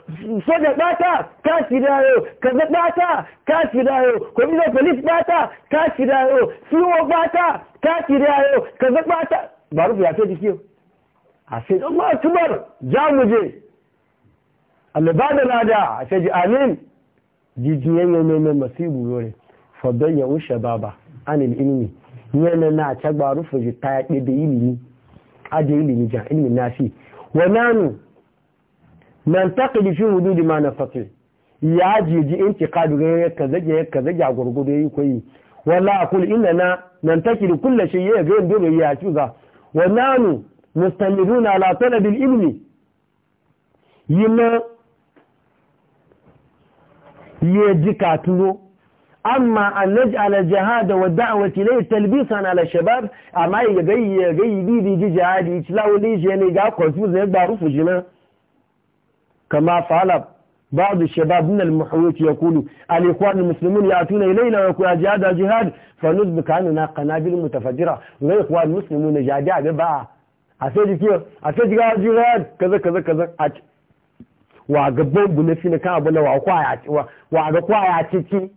صدق باتا كاسر يايو كذب باتا كاسر يايو كمينة فليس باتا كاسر يايو سلوة باتا كاسر يايو كذب باتا معروف يا سيدي كيو عسيد الله أكبر جامجي اللي بعد الأداء عسيدي آمين جيجيين يومين مصيبوا يوري فضيعوا شبابه anil ilmi yana na ta gbaru fuji ta yaɗe da ilimi da ilimi ja ilimin nafi wa nanu man taqidi fi da mana fasil ya ci kadu ga yaka zage ka zage a gurgudu yi koyi wala ina na nan takidu kula shi ya ga dole ya cuza wa nanu mustamiruna ala ilimi yi ma yi ji jikaturo أما أن نجعل الجهاد والدعوة إليه تلبيسا على الشباب أما يجي يجي بيدي جي جهادي يتلاو ليش يعني قاو كونفوز يبدأ جنا كما فعل بعض الشباب من المحويت يقولوا الإخوان المسلمون يأتون إلينا ويقول الجهاد الجهاد فنسبك عننا قنابل متفجرة الإخوان المسلمون جهاد جهادي بقى أسيدي كيو أسيدي قاو الجهاد كذا كذا كذا أج وعقبون بنفسنا كان أبونا وعقوا يعتكي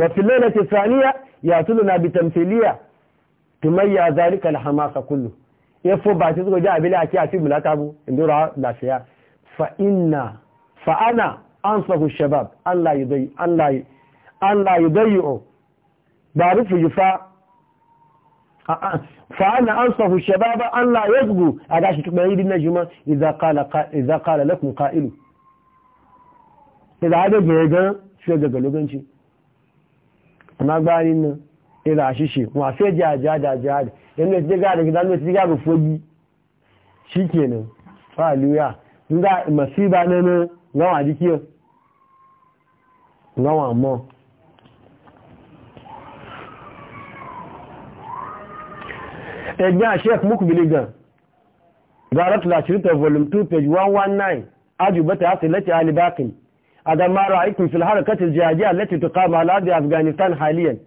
وفي الليلة الثانية يأتلنا بتمثيلية تميع ذلك الحماس كله يفو بعتزغو جاء بلا أكي أتيب ملاتابو اندورا لا شيئا فإن فأنا أنصف الشباب أن لا يضيع أن لا أن لا يضيعوا بعرف يفا فأنا أنصف الشباب أن لا يضيع أداشي تقبعي دينا جمع إذا قال, إذا قال لكم قائل إذا هذا جيغان شو يجب لغنشي amma bayanin nan ira shishe wa sai jaja da jihadi yanda ta ga da gidan ta ga fogi shikenan haleluya nga masiba nana ngawa dikiyo ngawa mo ẹgbẹ́ e sheik mukbiligan garat la shirita volume 2 page 119 ajubata asilati alibakin aga ma ra'aytum fil harakati al-jihadiyya allati tuqama ala bi afghanistan haliyan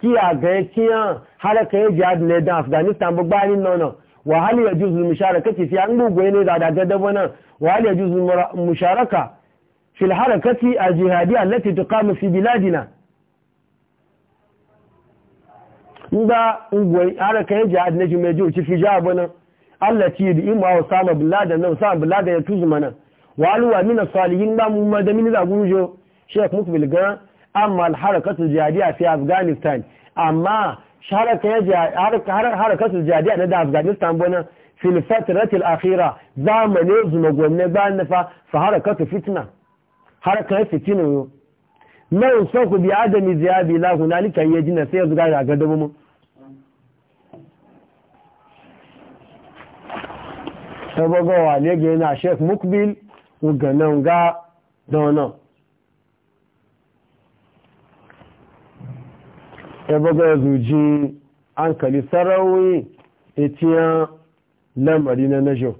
ki aga kiya haraka ya jihad ne da afghanistan gba ni nono wa hal yajuzu musharakati fi an gugu ne da daga da bana wa hal yajuzu musharaka fil harakati al-jihadiyya allati tuqama fi biladina nda ngwe haraka ya jihad ne jumeji ci fi jabana allati di imma wa sama biladan wa sama biladan ya tuzumana waluwa mina salihin ba mu ma da mini da gujo sheikh mukbil ga amma al-harakatu jihadiyya fi afghanistan amma harakatu jihadiyya na da afghanistan bana fil fatratil akhira zamanin zuma gwanne ba na fa harakatu fitna harakar fitina yo mai so ku bi adami ziyabi la hunalika yajina sai yanzu ga ga dabo mu sabogowa ne ga yana sheikh mukbil ugana nga dọ́nà ẹgbẹ́gbẹ́ ẹzùjí ankali sarawin etiyan lamari na najo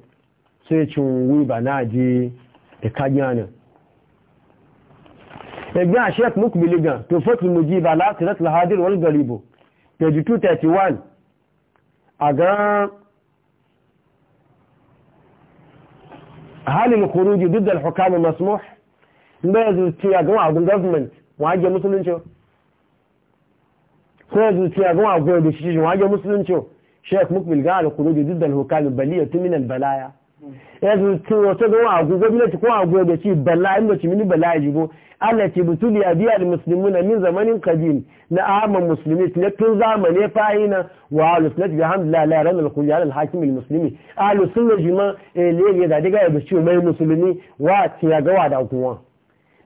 sai cin ba na je ikanyanin e ẹgbẹ́ àṣẹ́kù mukbiligan tó fọ́tí mú jí bá láti rẹ́tìlá hadir wal garibo page 231 a هل الخروج ضد الحكام مسموح بيزو تياغون عبد الجفمنت واجه مسلمين بيزو تياغون عبد الشيش واجه شو؟ شيخ مقبل قال الخروج ضد الحكام بلية من البلايا yanzu tun wata zuwa a gugu gwamnati بلايا a gugu البلايا ci allati butuliya biya almuslimuna min zamanin qadim na aman muslimi ne tun zamane fayina wa alusulat bi hamdulillah la ran alqulyal alhakim almuslimi alusunna jima elege da diga yabu ciwo mai musulmi wa tiya ga wa da kuwa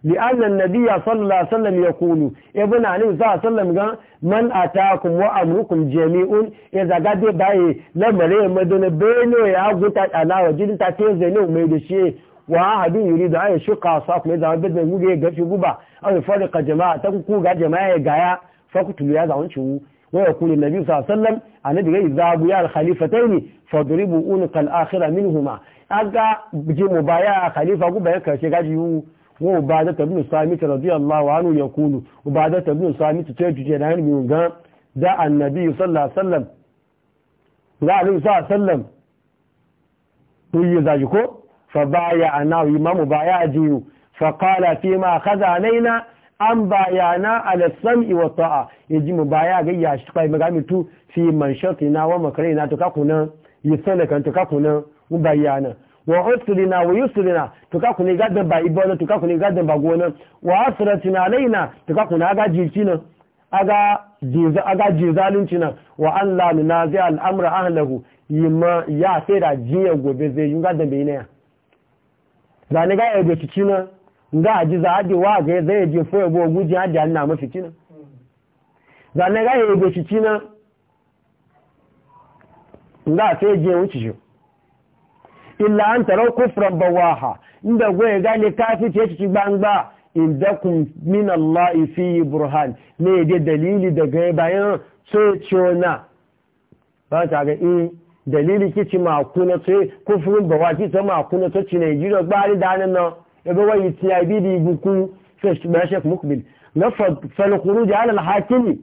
لأن النبي صلى الله عليه وسلم يقول ابن علي صلى الله عليه وسلم من أتاكم وأمركم جميع إذا قد باي لما رأي مدن بينه ta أبو تعالى وجد تتنزل وميدشيه wa ahadin yuri da ya shuka su kuma zama bezan gudu ya gafi guba an yi farika jama'a ta ku ga jama'a ya gaya fakutu ya zaun ciwu wa ya kuli nabi sallam a nabi gai zabu ya alkhalifatai ne fadribu unukan akhira minhuma aga ji mu baya a khalifa guba ya karshe gaji yiwu wa ubadata ibn samit radiyallahu anhu yaqulu ubadata ibn samit ta juje da hanbi ga da annabi sallallahu alaihi wasallam ga alaihi wasallam ku yi zaji ko فبايعناه إمام بايعجيه فقال فيما خذ علينا an bayana alasam iwa ta'a ya ji mu baya ga iya shi kai magami tu fi man shati na wa makarai na kuna yi sanakan tuka kuna mu bayana wa usrina wa yusrina tuka kuna gadan ba ibona tuka kuna gadan ba gona wa asratina alaina tuka kuna ga jirci nan aga jiza aga jizalunci nan wa an la nunazi al'amra ahlahu yima ya sai da jiya gobe zai yi gadan bai ne zane ga yaje fitina nga ji za aje wa ga zai je fo yabo guji aje an na mu fitina zane ga yaje fitina nga sai je wuce shi illa an tarau kufran bawaha inda goye gane kafice ci gbangba indakun min Allah fi burhan ne je dalili daga bayan sai ciona ba ta ga in eh, dalili kici maku na tsaye kufurin bawa kita maku na tsaci nigeria gbari danin nan ebe wani tib da iguku shek mukbil na falkuru da alal hakimi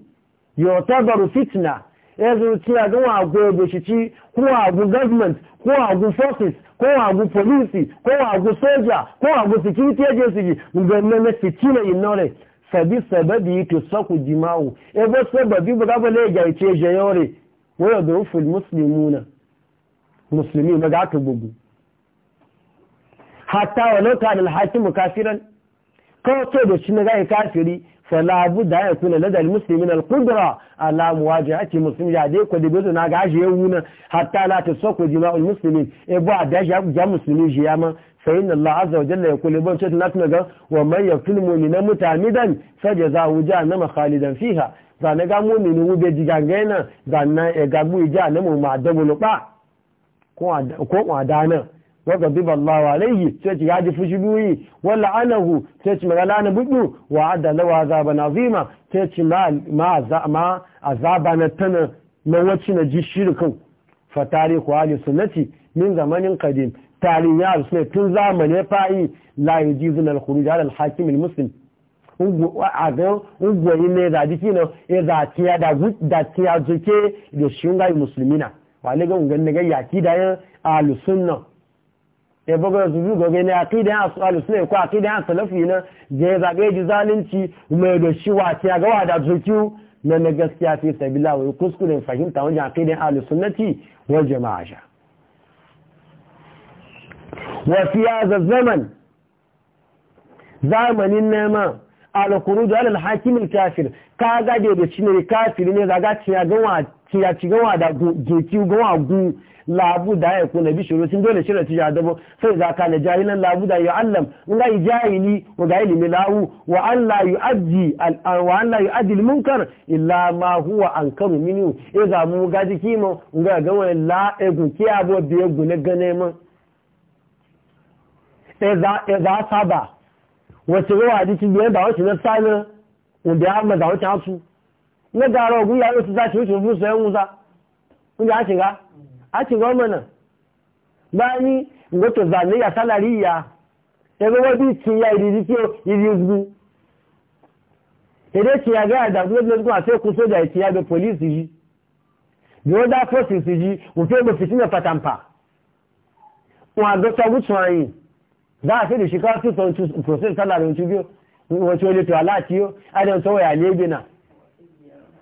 yotabaru fitna ya zuciya don wago ya goshici ko wago government ko wago forces ko wago police ko wago soja ko wago security agency ganna na fitina inore sabi sababi to saku jima'u ebe sababi ba ga bale ga ce jayore wa yadrufu almuslimuna musulmi na za ka gugu hatta wa lauka da alhaki mu kafiran kawo to da shi na zai kafiri falabu da ya kuna na dal musulmi na kudura ala muwaje ake musulmi ya dai kwa dibezu na ga ajiye wuna hatta na ta so soko jima'ul musulmi e ba da ya musulmi shi ya ma فإن الله عز وجل يقول لبن شيء نتنغا ومن يقتل مؤمنا متعمدا فجزاؤه جهنم خالدا فيها زانا غا مؤمن وبيجي غانغينا زانا غاغو جهنم ما دبلوا ko kwada nan waka duba Allah laihi sai ya ji fushi buyi wala anahu sai ce magana na budu wa adala wa azaba zima sai ce ma azaba na tana na wacce na ji shirkin fa tarihu ahli sunnati min zamanin qadim tarihi ya sunna tun zamanin fa'i la yujizuna al-khuruj ala al-hakim al-muslim ugwoyi ne e da dikino e da tiya da tiya zuke da shunga musulmina wani ga ungan daga yaki da yan alusunna ya bago su bi gobe ne aqida yan alusunna ko da yan salafi na je zaɓe ji zalunci mai da shi wace ga da zukiu na na gaskiya fi sabila wa kuskuren fahimta wajen da yan alusunnati wal jama'a sha wa fi hadha zamanin nema al da ala kafir ka ga da shi ne kafiri ne zaga gan ga ti ya ci gawa da goki gawa gu labu da ya na bi shiru sun dole shirin tija dabo sai za ka na nan labu da yu'allam in yi jahili wa ga ilimi lawu wa Allah yu'addi wa Allah yu'addi al-munkar illa ma huwa ankaru minhu e mu ga jiki mu ga ga wani la egu, ki abo bi egu ne gane mu e za e saba wace wa jiki ne ba wace na sana wanda ya ma da wace hasu na gara ogun ya otu zaci wuce ụzọ ndị wuza inda a shiga a shiga mana na ni ngoto zane ya salari ya ebe wadi ya iriri ki iri ugbu ede ci ya ga da gbe gbe a sai soja so da e ya be police yi the other fitin patampa wa za ka su son salari wuce yo ya na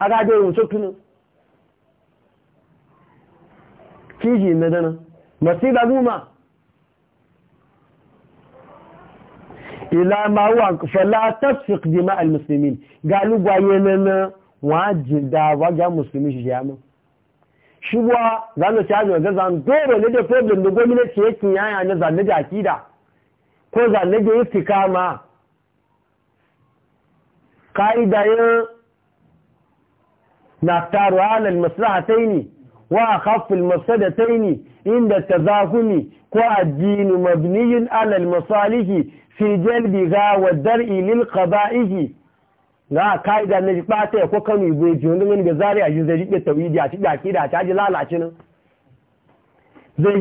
aga da yin sokinu kiji na dana masiba guma ila fala tasfiq dima al na wajin wajen musulmi ga zan dole ne da problem da gwamnati yake yaya na zanne da akida ko zanne da istikama kaidayen نختار على المصلحتين وأخف المفسدتين عند التزاحم والدين مبني على المصالح في جلبها والدرء للقبائه na ka'ida na jiɓa ta ya kwakwam igwe ji wani wani ga zari a ji zai jiɓe tawidi a cikin akida a caji lalace nan zai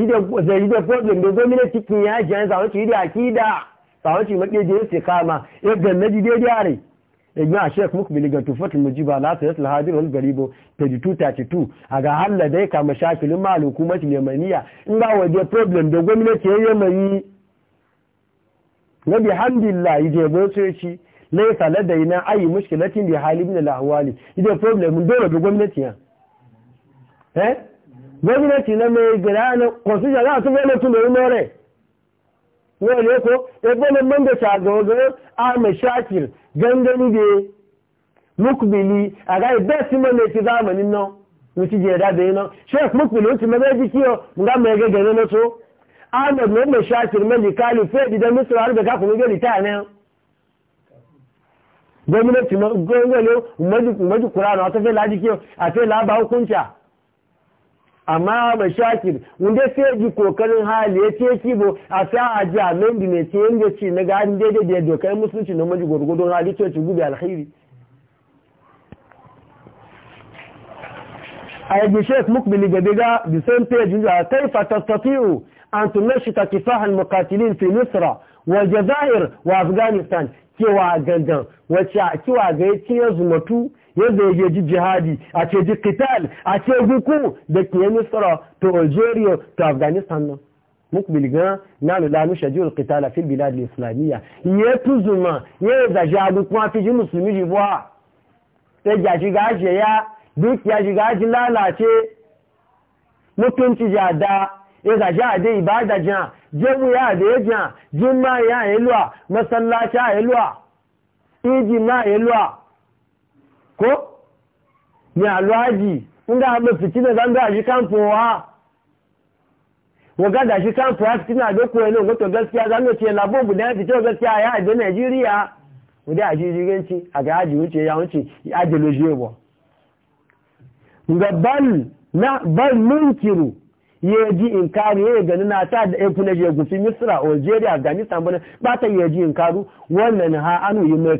yi da problem da gwamnati kin yaji yanzu a wani ci da akida a wani ci maɗe je su kama yadda na ji daidai a rai ibn ashek mukbil ga tufatul mujiba la ta yasla hadir wal garibo page a ga halla dai ka mashakilin mal hukumat yamaniya in ba waje problem da gwamnati ya yamani na bihamdillah yaje bosoci laysa ladaina ayi mushkilatin bi hali min al ahwali yaje problem dole da gwamnati ya eh gwamnati na mai gira na constitution za su gane tun da mere ne ne ko ebe ne mun da shagawa ga ahmed shakir gangani da mukbili a ga ibe si mana ti zamanin nan wuci je da da nan sheikh mukbili wuci maza ji kiyo nga mai ga gane na so ahmed mai mai shafir mai kali fe da misra har da ka kuma gari ta ne gwamnati gwamnati umaji kurana wata amma shakir wanda sai ji kokarin hali ya ce ki bo a sa a ji a mendi mai ce yadda gaci na ga an daidai da dokar musulunci na maji gwargwadon hali ce ci gube alkhairi a yaji shek mukbili gabe ga the same page a kai fatattafi'u an shi ta kifahan mukatilin fi nusra wa jazair wa afghanistan kewa gangan wacce kiwa ga ya ce ya zumatu yadda ya ji jihadi a ce ji qital a ce huku da ke yi misra ta algeria ta afghanistan nan mukbil gan na lula nu shajiyar qitala fil bilad islamiyya ya tuzuma ya da jagu kuma fi ji musulmi ji buwa ta ga shi gaje ya duk ya shi gaji lalace mutunci ja da ya da ja da ibada ja jemu ya da ya ja jimma ya yi luwa masallaci ya yi luwa iji ma ya yi luwa ko ni alwaji inda abu fitina zan da shi kamfowa waga da shi kamfowa fitina da kuwa ne wato gaskiya ya aje Najeriya guda aji aji ya bal na bal munkiru yeji inkaru ya gani na ta da efu na jegufi misra algeria afghanistan bane ba ta yeji inkaru wannan ha anu yi mai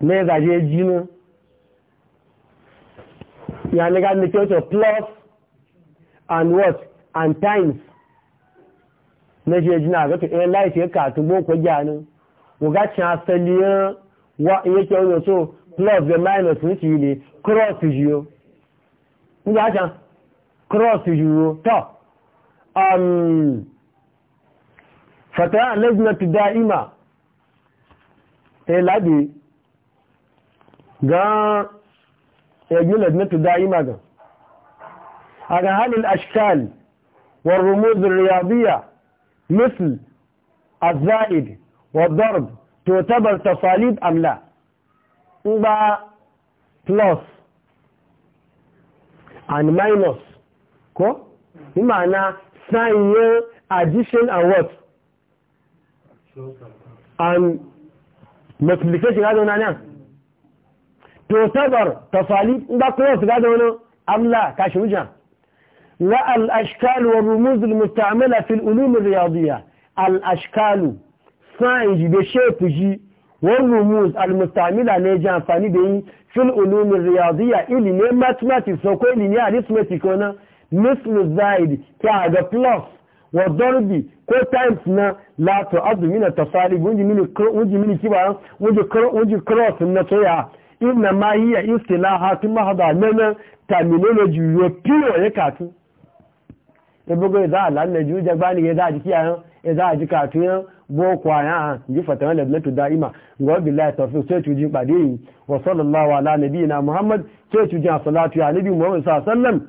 me ga je jinu ya ne ga make plus and what and times na je jina ga to eh life ya ka tun boko janu wo ga chin asali wa yake yo so plus the minus ni ti ni cross you nígbà ṣan cross euro tọ́ um, fàtàrà lẹ́gbìnà ti dá ìmà ẹ̀láàdì ga yajulad na da'ima ga a ga halin ashkal والرموز الرياضية مثل الزائد والضرب تعتبر تصاليب أم لا وبا plus and minus ko imana sign addition and what and multiplication hado na nan تعتبر تصاليب بقوس قادونا أم لا كاشو جا والأشكال والرموز المستعملة في العلوم الرياضية الأشكال سائج بشيب جي والرموز المستعملة نيجان فاني بيين في العلوم الرياضية إلي نيه ماتماتي سوكو إلي نيه رسمتي كونا مثل الزايد كاعدة بلوس والضربي كو تايمسنا لا تؤذي من التصاليب ونجي مني كرو ونجي مني كيبا ونجي كرو ونجي كروس النتوية inna ma yi a istilahatun mahaba nana terminology european ya katu ibogo e e za a lalata juyi jagba ne ya za a jiki yayan ya e za a ji katu yan boko a yan ah, ji fatawa da latu da'ima ga wabi lai tafi sai cuji pade yi wa sallallahu ala nabi na muhammad sai cuji a salatu ya nabi muhammad sa sallam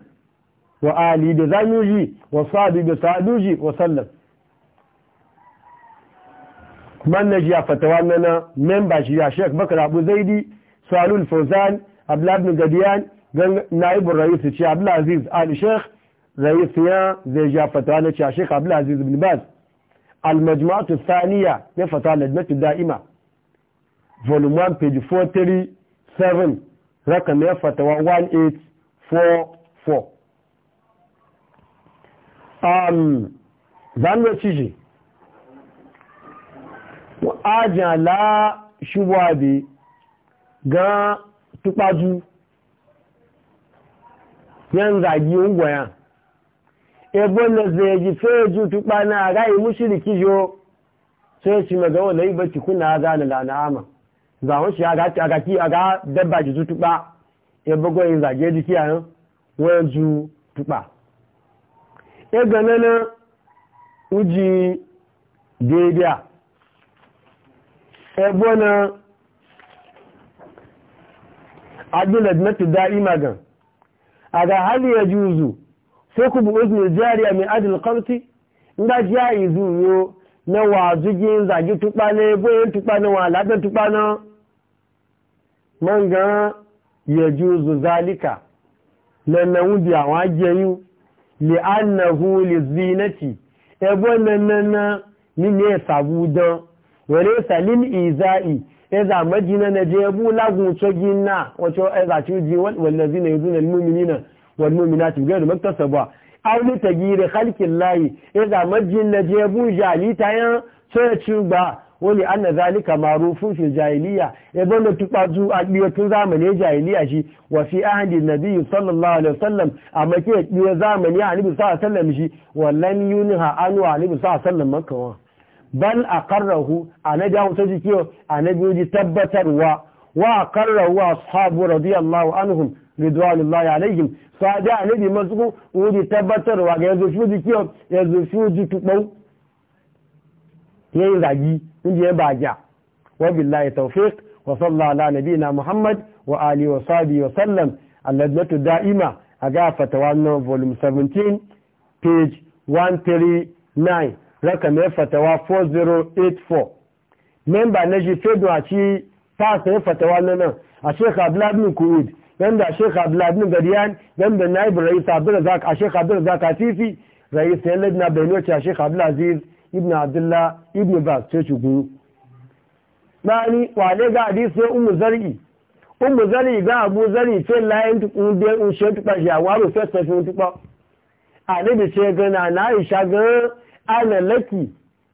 wa ali da zanuji wa sadu da saduji wa sallam man na ji a fatawa nana memba shi ya shek bakar abu zaidi salul fauzan abdullahi bin gadiyan gan naibul ce abdulaziz al sheikh rais ya zai ja fatawa na ce sheikh abdulaziz bin baz al majmu'atu thaniya ya fatawa lajnatu da'ima volume 1 page 437 rakam ya fatawa 1844 um zanwa cije wa ajala shubabi gan tupaju yan zagi ungwaya ebon da zai ji feju tupa na rai mushiriki yo sai shi maga na yi bacci kuna zana da na'ama zawon shi aga ki aga dabba ji zu tupa ebogo yin zage ji kiyayen wayan ju tupa eganana uji daidai ebona agbílẹ̀ mẹ́tì dá imagan aga hali ya juzu sai ku bu izinin jariya mai adil kamti inda ji ya izu yo na wa zugin zagi tuba ne boyin tuba ne wa labin tuba na man ga ya juzu zalika lannawun biya إذا مجينا نجيبوا لغو تجينا وشو إذا تجي والذين يدون المؤمنين والمؤمنات بغير ما اكتسبوا أو لتغيير خلق الله إذا مجينا نجيبوا جاليتا تشوبا wani an na zalika marufin fi jahiliya ya banda tukpatu a tun zamani jahiliya shi wa fi ahadi nabi sallallahu alaihi wasallam a make ɗiyo zamani a nabi sallallahu alaihi wasallam shi wallan yuni sallallahu alaihi wasallam makawa bal a na ya ta jikiyo na biyoji tabbatarwa wa a a ashabu radiyallahu anhum ridwanullahi alaihim sai a annabi masu yaji tabbatarwa ga yazo shuji kiyo yazo shuji tudau yayin zagi inda ya baja wa billahi taufik wa sallallahu ala na muhammad wa ali wa sabi wa sallam alladatu da'ima aga fatawa no volume 17 page 139 rakam ya fatawa 4084 memba na shi fedo a ci fasa ya fatawa na nan a sheikh abdullahi kurud dan da sheikh abdullahi gadiyan dan da naib rais abdulrazak a sheikh abdulrazak atifi rais yalad na bayno a sheikh abdulaziz ibn abdullah ibn bas ce shugu mani wale ga hadisi sai ummu zar'i ummu zar'i ga abu zar'i ce layin tukun da un she tukpa shi awaro fesa fi tukpa anabi ce ga na na aisha ana laki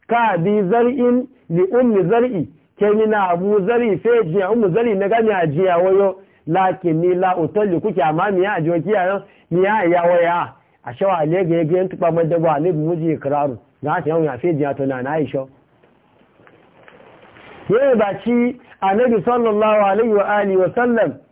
ka bi zar'in li ummi zar'i ke ni na abu zar'i fe je ummi zar'i na gani a jiya wayo lakin ni la utalli kuke amma mi ya ajiyo kiya mi ya ya waya a shawa ne ga ga yantu ba man dabo ne mu ji ikraru na ta yau ya fe je to na na aisha yayin ba ci annabi sallallahu alaihi wa alihi wa sallam